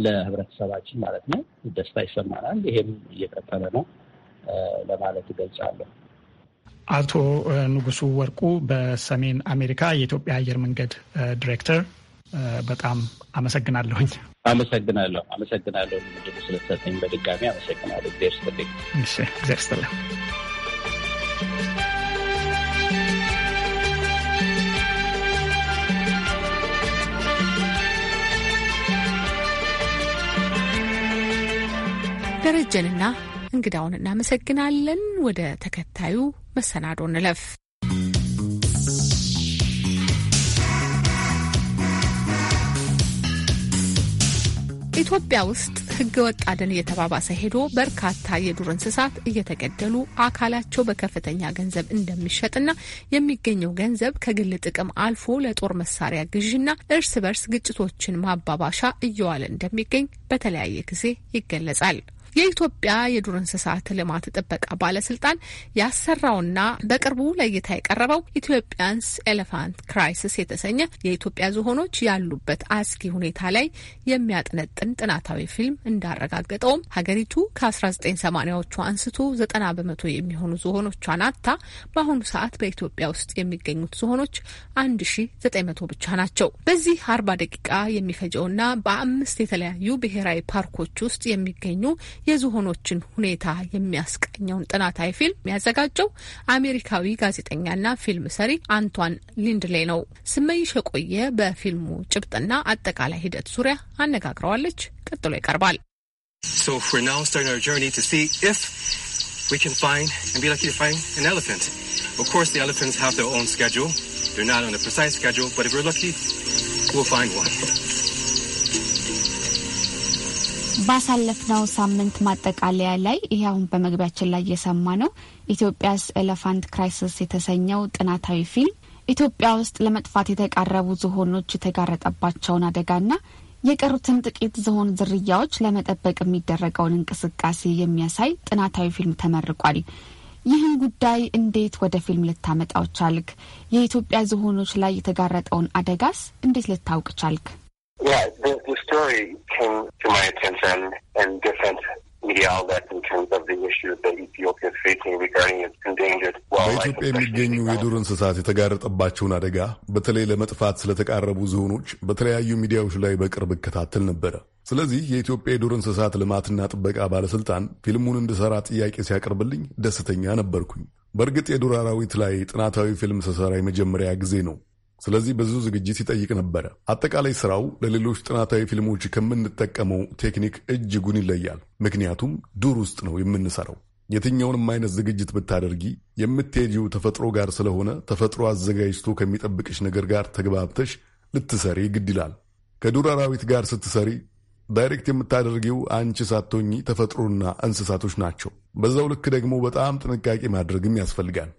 ለህብረተሰባችን ማለት ነው ደስታ ይሰማናል። ይሄም እየቀጠለ ነው ለማለት እገልጻለሁ። አቶ ንጉሱ ወርቁ በሰሜን አሜሪካ የኢትዮጵያ አየር መንገድ ዲሬክተር፣ በጣም አመሰግናለሁኝ። አመሰግናለሁ። አመሰግናለሁ ምድሉ ስለተሰጠኝ በድጋሚ አመሰግናለሁ። እግዚአብሔር ይስጥልኝ። እግዚአብሔር ይስጥልኝ። ደረጀንና እንግዳውን እናመሰግናለን። ወደ ተከታዩ መሰናዶ እንለፍ። ኢትዮጵያ ውስጥ ሕገ ወጥ አደን እየተባባሰ ሄዶ በርካታ የዱር እንስሳት እየተገደሉ አካላቸው በከፍተኛ ገንዘብ እንደሚሸጥና የሚገኘው ገንዘብ ከግል ጥቅም አልፎ ለጦር መሳሪያ ግዥና እርስ በርስ ግጭቶችን ማባባሻ እየዋለ እንደሚገኝ በተለያየ ጊዜ ይገለጻል። የኢትዮጵያ የዱር እንስሳት ልማት ጥበቃ ባለስልጣን ያሰራውና በቅርቡ ለእይታ የቀረበው ኢትዮጵያንስ ኤሌፋንት ክራይሲስ የተሰኘ የኢትዮጵያ ዝሆኖች ያሉበት አስጊ ሁኔታ ላይ የሚያጠነጥን ጥናታዊ ፊልም እንዳረጋገጠውም ሀገሪቱ ከ1980ዎቹ አንስቶ 9 በመቶ የሚሆኑ ዝሆኖቿን አታ በአሁኑ ሰዓት በኢትዮጵያ ውስጥ የሚገኙት ዝሆኖች 1900 ብቻ ናቸው። በዚህ 40 ደቂቃ የሚፈጀውና በአምስት የተለያዩ ብሔራዊ ፓርኮች ውስጥ የሚገኙ የዝሆኖችን ሁኔታ የሚያስቀኘውን ጥናታዊ ፊልም ያዘጋጀው አሜሪካዊ ጋዜጠኛና ፊልም ሰሪ አንቷን ሊንድሌ ነው። ስመይሽ የቆየ በፊልሙ ጭብጥና አጠቃላይ ሂደት ዙሪያ አነጋግረዋለች። ቀጥሎ ይቀርባል። We're not on a precise ባሳለፍነው ሳምንት ማጠቃለያ ላይ ይህ አሁን በመግቢያችን ላይ እየሰማ ነው ኢትዮጵያስ ኤሌፋንት ክራይሲስ የተሰኘው ጥናታዊ ፊልም ኢትዮጵያ ውስጥ ለመጥፋት የተቃረቡ ዝሆኖች የተጋረጠባቸውን አደጋና የቀሩትን ጥቂት ዝሆን ዝርያዎች ለመጠበቅ የሚደረገውን እንቅስቃሴ የሚያሳይ ጥናታዊ ፊልም ተመርቋል። ይህን ጉዳይ እንዴት ወደ ፊልም ልታመጣው ቻልክ? የኢትዮጵያ ዝሆኖች ላይ የተጋረጠውን አደጋስ እንዴት ልታውቅ ቻልክ? Yeah, the, the story came to my attention and different media outlets in terms of the issues that Ethiopia is facing regarding its endangered wildlife. በኢትዮጵያ የሚገኙ የዱር እንስሳት የተጋረጠባቸውን አደጋ በተለይ ለመጥፋት ስለተቃረቡ ዝሆኖች በተለያዩ ሚዲያዎች ላይ በቅርብ እከታተል ነበረ። ስለዚህ የኢትዮጵያ የዱር እንስሳት ልማትና ጥበቃ ባለስልጣን ፊልሙን እንድሰራ ጥያቄ ሲያቀርብልኝ ደስተኛ ነበርኩኝ። በእርግጥ የዱር አራዊት ላይ ጥናታዊ ፊልም ስሰራ የመጀመሪያ ጊዜ ነው። ስለዚህ ብዙ ዝግጅት ይጠይቅ ነበረ። አጠቃላይ ስራው ለሌሎች ጥናታዊ ፊልሞች ከምንጠቀመው ቴክኒክ እጅጉን ይለያል። ምክንያቱም ዱር ውስጥ ነው የምንሰራው። የትኛውንም አይነት ዝግጅት ብታደርጊ የምትሄጂው ተፈጥሮ ጋር ስለሆነ ተፈጥሮ አዘጋጅቶ ከሚጠብቅሽ ነገር ጋር ተግባብተሽ ልትሰሪ ግድ ይላል። ከዱር አራዊት ጋር ስትሰሪ ዳይሬክት የምታደርጊው አንቺ ሳቶኝ ተፈጥሮና እንስሳቶች ናቸው። በዛው ልክ ደግሞ በጣም ጥንቃቄ ማድረግም ያስፈልጋል።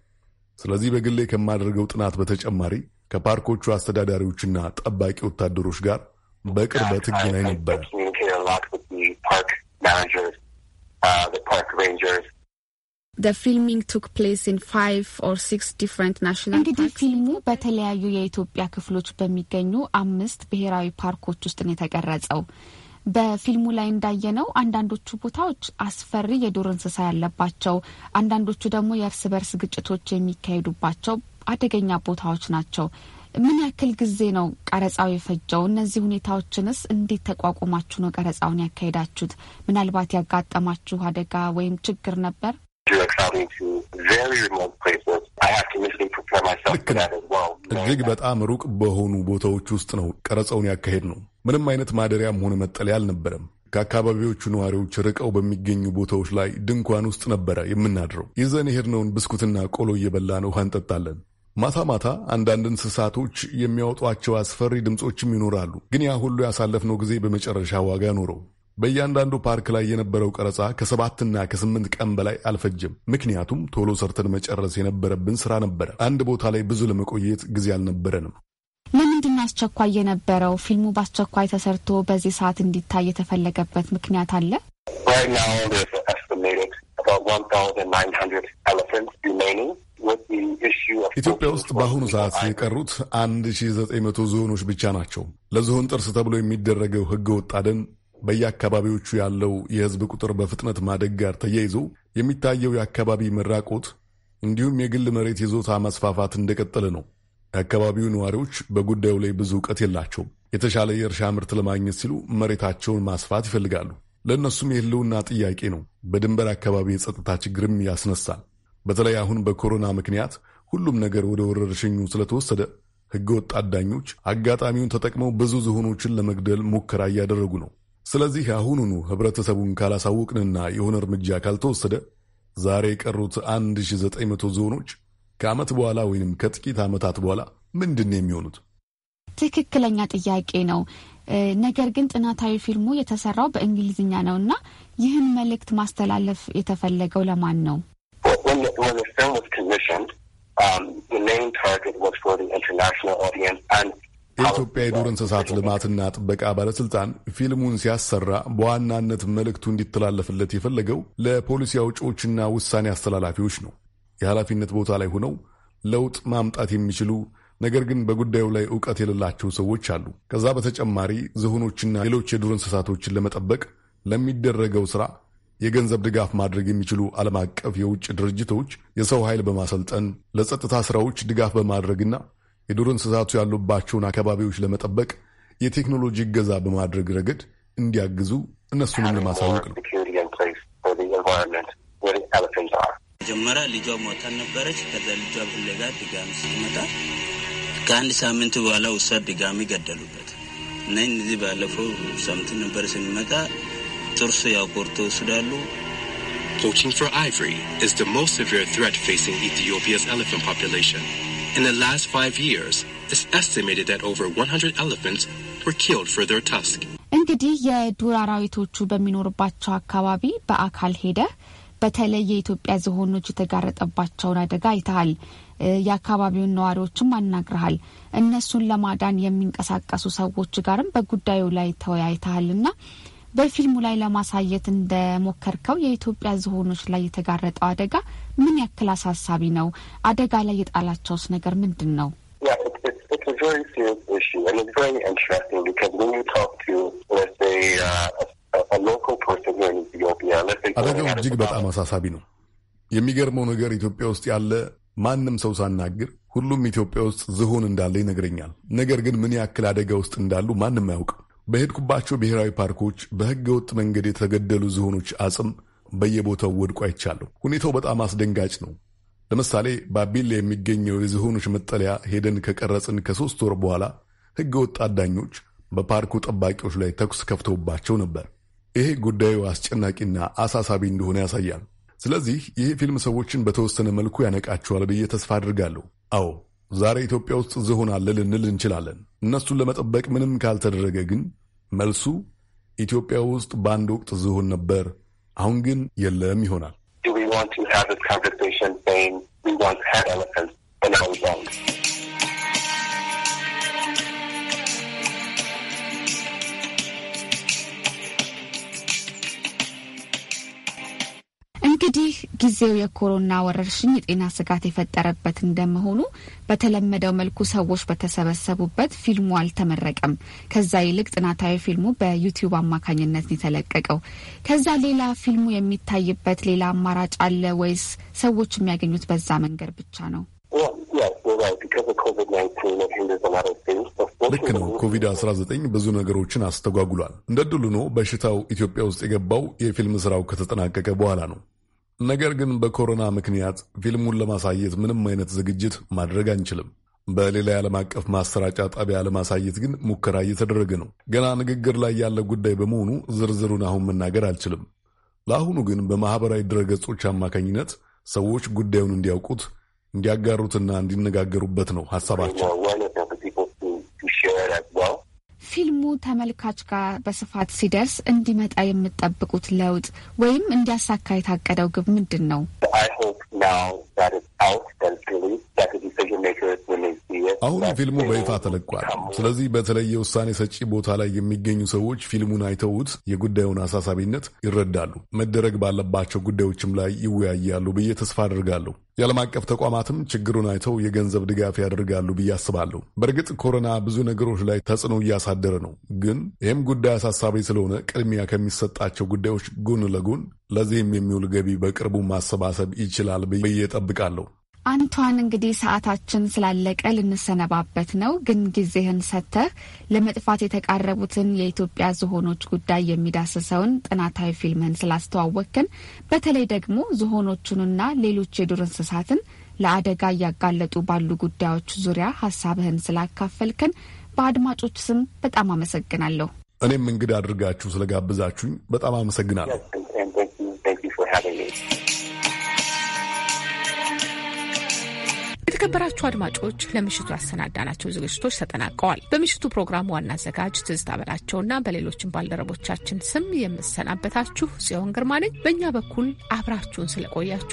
ስለዚህ በግሌ ከማደርገው ጥናት በተጨማሪ ከፓርኮቹ አስተዳዳሪዎችና ጠባቂ ወታደሮች ጋር በቅርበት እገናኝ ነበር። እንግዲህ ፊልሙ uh, በተለያዩ የኢትዮጵያ ክፍሎች በሚገኙ አምስት ብሔራዊ ፓርኮች ውስጥ ነው የተቀረጸው። በፊልሙ ላይ እንዳየነው አንዳንዶቹ ቦታዎች አስፈሪ የዱር እንስሳ ያለባቸው፣ አንዳንዶቹ ደግሞ የእርስ በርስ ግጭቶች የሚካሄዱባቸው አደገኛ ቦታዎች ናቸው። ምን ያክል ጊዜ ነው ቀረጻው የፈጀው? እነዚህ ሁኔታዎችንስ እንዴት ተቋቁማችሁ ነው ቀረጻውን ያካሄዳችሁት? ምናልባት ያጋጠማችሁ አደጋ ወይም ችግር ነበር? ልክ እጅግ በጣም ሩቅ በሆኑ ቦታዎች ውስጥ ነው ቀረጻውን ያካሄድ ነው። ምንም አይነት ማደሪያም ሆነ መጠለያ አልነበረም። ከአካባቢዎቹ ነዋሪዎች ርቀው በሚገኙ ቦታዎች ላይ ድንኳን ውስጥ ነበረ የምናድረው። ይዘን የሄድነውን ብስኩትና ቆሎ እየበላን ውሃ እንጠጣለን። ማታ ማታ አንዳንድ እንስሳቶች የሚያወጧቸው አስፈሪ ድምፆችም ይኖራሉ። ግን ያ ሁሉ ያሳለፍነው ጊዜ በመጨረሻ ዋጋ ኖረው። በእያንዳንዱ ፓርክ ላይ የነበረው ቀረጻ ከሰባትና ከስምንት ቀን በላይ አልፈጀም። ምክንያቱም ቶሎ ሰርተን መጨረስ የነበረብን ስራ ነበረ። አንድ ቦታ ላይ ብዙ ለመቆየት ጊዜ አልነበረንም። ለምንድን አስቸኳይ የነበረው? ፊልሙ በአስቸኳይ ተሰርቶ በዚህ ሰዓት እንዲታይ የተፈለገበት ምክንያት አለ? ኢትዮጵያ ውስጥ በአሁኑ ሰዓት የቀሩት 1900 ዝሆኖች ብቻ ናቸው። ለዝሆን ጥርስ ተብሎ የሚደረገው ህገወጥ አደን በየአካባቢዎቹ ያለው የህዝብ ቁጥር በፍጥነት ማደግ ጋር ተያይዞ የሚታየው የአካባቢ መራቆት እንዲሁም የግል መሬት ይዞታ መስፋፋት እንደቀጠለ ነው። የአካባቢው ነዋሪዎች በጉዳዩ ላይ ብዙ እውቀት የላቸውም። የተሻለ የእርሻ ምርት ለማግኘት ሲሉ መሬታቸውን ማስፋት ይፈልጋሉ። ለእነሱም የህልውና ጥያቄ ነው። በድንበር አካባቢ የጸጥታ ችግርም ያስነሳል። በተለይ አሁን በኮሮና ምክንያት ሁሉም ነገር ወደ ወረርሽኙ ስለተወሰደ ህገወጥ አዳኞች አጋጣሚውን ተጠቅመው ብዙ ዝሆኖችን ለመግደል ሙከራ እያደረጉ ነው። ስለዚህ አሁኑኑ ህብረተሰቡን ካላሳወቅንና የሆነ እርምጃ ካልተወሰደ ዛሬ የቀሩት 1900 ዝሆኖች ከዓመት በኋላ ወይንም ከጥቂት ዓመታት በኋላ ምንድን ነው የሚሆኑት? ትክክለኛ ጥያቄ ነው። ነገር ግን ጥናታዊ ፊልሙ የተሰራው በእንግሊዝኛ ነው እና ይህን መልእክት ማስተላለፍ የተፈለገው ለማን ነው? But when, when the film was commissioned, um, the main target was for the international audience and የኢትዮጵያ የዱር እንስሳት ልማትና ጥበቃ ባለስልጣን ፊልሙን ሲያሰራ በዋናነት መልእክቱ እንዲተላለፍለት የፈለገው ለፖሊሲ አውጪዎችና ውሳኔ አስተላላፊዎች ነው። የኃላፊነት ቦታ ላይ ሆነው ለውጥ ማምጣት የሚችሉ ነገር ግን በጉዳዩ ላይ እውቀት የሌላቸው ሰዎች አሉ። ከዛ በተጨማሪ ዝሆኖችና ሌሎች የዱር እንስሳቶችን ለመጠበቅ ለሚደረገው ስራ የገንዘብ ድጋፍ ማድረግ የሚችሉ ዓለም አቀፍ የውጭ ድርጅቶች የሰው ኃይል በማሰልጠን ለጸጥታ ሥራዎች ድጋፍ በማድረግና የዱር እንስሳቱ ያሉባቸውን አካባቢዎች ለመጠበቅ የቴክኖሎጂ እገዛ በማድረግ ረገድ እንዲያግዙ እነሱንም ለማሳወቅ ነው። መጀመሪያ ልጇ ሞታ ነበረች። ከዛ ልጇ ፍለጋ ድጋሚ ስትመጣ ከአንድ ሳምንት በኋላ ውሳ ድጋሚ ገደሉበት እና እነዚህ ባለፈው ሳምንት ነበር ስንመጣ ጥርስ ያቆርጠው ይወስዳሉ። Poaching for ivory is the most severe threat facing Ethiopia's elephant population. In the last five years, it's estimated that over 100 elephants were killed for their tusk. እንግዲህ የዱር አራዊቶቹ በሚኖርባቸው አካባቢ በአካል ሄደ በተለይ የኢትዮጵያ ዝሆኖች የተጋረጠባቸውን አደጋ አይተሃል። የአካባቢውን ነዋሪዎችም አናግረሃል። እነሱን ለማዳን የሚንቀሳቀሱ ሰዎች ጋርም በጉዳዩ ላይ ተወያይተሃል ተወያይተሃልና በፊልሙ ላይ ለማሳየት እንደሞከርከው የኢትዮጵያ ዝሆኖች ላይ የተጋረጠው አደጋ ምን ያክል አሳሳቢ ነው? አደጋ ላይ የጣላቸውስ ነገር ምንድን ነው? Uh, አደጋው እጅግ በጣም አሳሳቢ ነው። የሚገርመው ነገር ኢትዮጵያ ውስጥ ያለ ማንም ሰው ሳናግር ሁሉም ኢትዮጵያ ውስጥ ዝሆን እንዳለ ይነግረኛል። ነገር ግን ምን ያክል አደጋ ውስጥ እንዳሉ ማንም አያውቅም። በሄድኩባቸው ብሔራዊ ፓርኮች በሕገ ወጥ መንገድ የተገደሉ ዝሆኖች አጽም በየቦታው ወድቆ አይቻለሁ። ሁኔታው በጣም አስደንጋጭ ነው። ለምሳሌ ባቢሌ የሚገኘው የዝሆኖች መጠለያ ሄደን ከቀረጽን ከሦስት ወር በኋላ ሕገ ወጥ አዳኞች በፓርኩ ጠባቂዎች ላይ ተኩስ ከፍተውባቸው ነበር። ይሄ ጉዳዩ አስጨናቂና አሳሳቢ እንደሆነ ያሳያል። ስለዚህ ይህ ፊልም ሰዎችን በተወሰነ መልኩ ያነቃቸዋል ብዬ ተስፋ አድርጋለሁ። አዎ ዛሬ ኢትዮጵያ ውስጥ ዝሆን አለ ልንል እንችላለን። እነሱን ለመጠበቅ ምንም ካልተደረገ ግን መልሱ ኢትዮጵያ ውስጥ በአንድ ወቅት ዝሆን ነበር፣ አሁን ግን የለም ይሆናል። Do we want to have this conversation saying we once had elephants, but now we don't? እንግዲህ ጊዜው የኮሮና ወረርሽኝ የጤና ስጋት የፈጠረበት እንደመሆኑ በተለመደው መልኩ ሰዎች በተሰበሰቡበት ፊልሙ አልተመረቀም። ከዛ ይልቅ ጥናታዊ ፊልሙ በዩቲዩብ አማካኝነት የተለቀቀው። ከዛ ሌላ ፊልሙ የሚታይበት ሌላ አማራጭ አለ ወይስ ሰዎች የሚያገኙት በዛ መንገድ ብቻ ነው? ልክ ነው። ኮቪድ-19 ብዙ ነገሮችን አስተጓጉሏል። እንደ ድሉ ነው በሽታው ኢትዮጵያ ውስጥ የገባው የፊልም ስራው ከተጠናቀቀ በኋላ ነው። ነገር ግን በኮሮና ምክንያት ፊልሙን ለማሳየት ምንም አይነት ዝግጅት ማድረግ አንችልም። በሌላ የዓለም አቀፍ ማሰራጫ ጣቢያ ለማሳየት ግን ሙከራ እየተደረገ ነው። ገና ንግግር ላይ ያለ ጉዳይ በመሆኑ ዝርዝሩን አሁን መናገር አልችልም። ለአሁኑ ግን በማኅበራዊ ድረገጾች አማካኝነት ሰዎች ጉዳዩን እንዲያውቁት እንዲያጋሩትና እንዲነጋገሩበት ነው ሀሳባቸው። ፊልሙ ተመልካች ጋር በስፋት ሲደርስ እንዲመጣ የምጠብቁት ለውጥ ወይም እንዲያሳካ የታቀደው ግብ ምንድን ነው? አሁን ፊልሙ በይፋ ተለቋል። ስለዚህ በተለየ ውሳኔ ሰጪ ቦታ ላይ የሚገኙ ሰዎች ፊልሙን አይተውት የጉዳዩን አሳሳቢነት ይረዳሉ፣ መደረግ ባለባቸው ጉዳዮችም ላይ ይወያያሉ ብዬ ተስፋ አድርጋለሁ። የዓለም አቀፍ ተቋማትም ችግሩን አይተው የገንዘብ ድጋፍ ያደርጋሉ ብዬ አስባለሁ። በእርግጥ ኮሮና ብዙ ነገሮች ላይ ተጽዕኖ እያሳደረ ነው፣ ግን ይህም ጉዳይ አሳሳቢ ስለሆነ ቅድሚያ ከሚሰጣቸው ጉዳዮች ጎን ለጎን ለዚህም የሚውል ገቢ በቅርቡ ማሰባሰብ ይችላል ብዬ እጠብቃለሁ። አንቷን እንግዲህ ሰዓታችን ስላለቀ ልንሰነባበት ነው። ግን ጊዜህን ሰጥተህ ለመጥፋት የተቃረቡትን የኢትዮጵያ ዝሆኖች ጉዳይ የሚዳስሰውን ጥናታዊ ፊልምህን ስላስተዋወቅክን፣ በተለይ ደግሞ ዝሆኖቹንና ሌሎች የዱር እንስሳትን ለአደጋ እያጋለጡ ባሉ ጉዳዮች ዙሪያ ሀሳብህን ስላካፈልክን በአድማጮች ስም በጣም አመሰግናለሁ። እኔም እንግዳ አድርጋችሁ ስለጋብዛችሁኝ በጣም አመሰግናለሁ። የተከበራችሁ አድማጮች ለምሽቱ ያሰናዳናቸው ዝግጅቶች ተጠናቀዋል። በምሽቱ ፕሮግራም ዋና አዘጋጅ ትዝታ በላቸውና በሌሎችን ባልደረቦቻችን ስም የምሰናበታችሁ ጽዮን ግርማ ነኝ። በእኛ በኩል አብራችሁን ስለቆያችሁ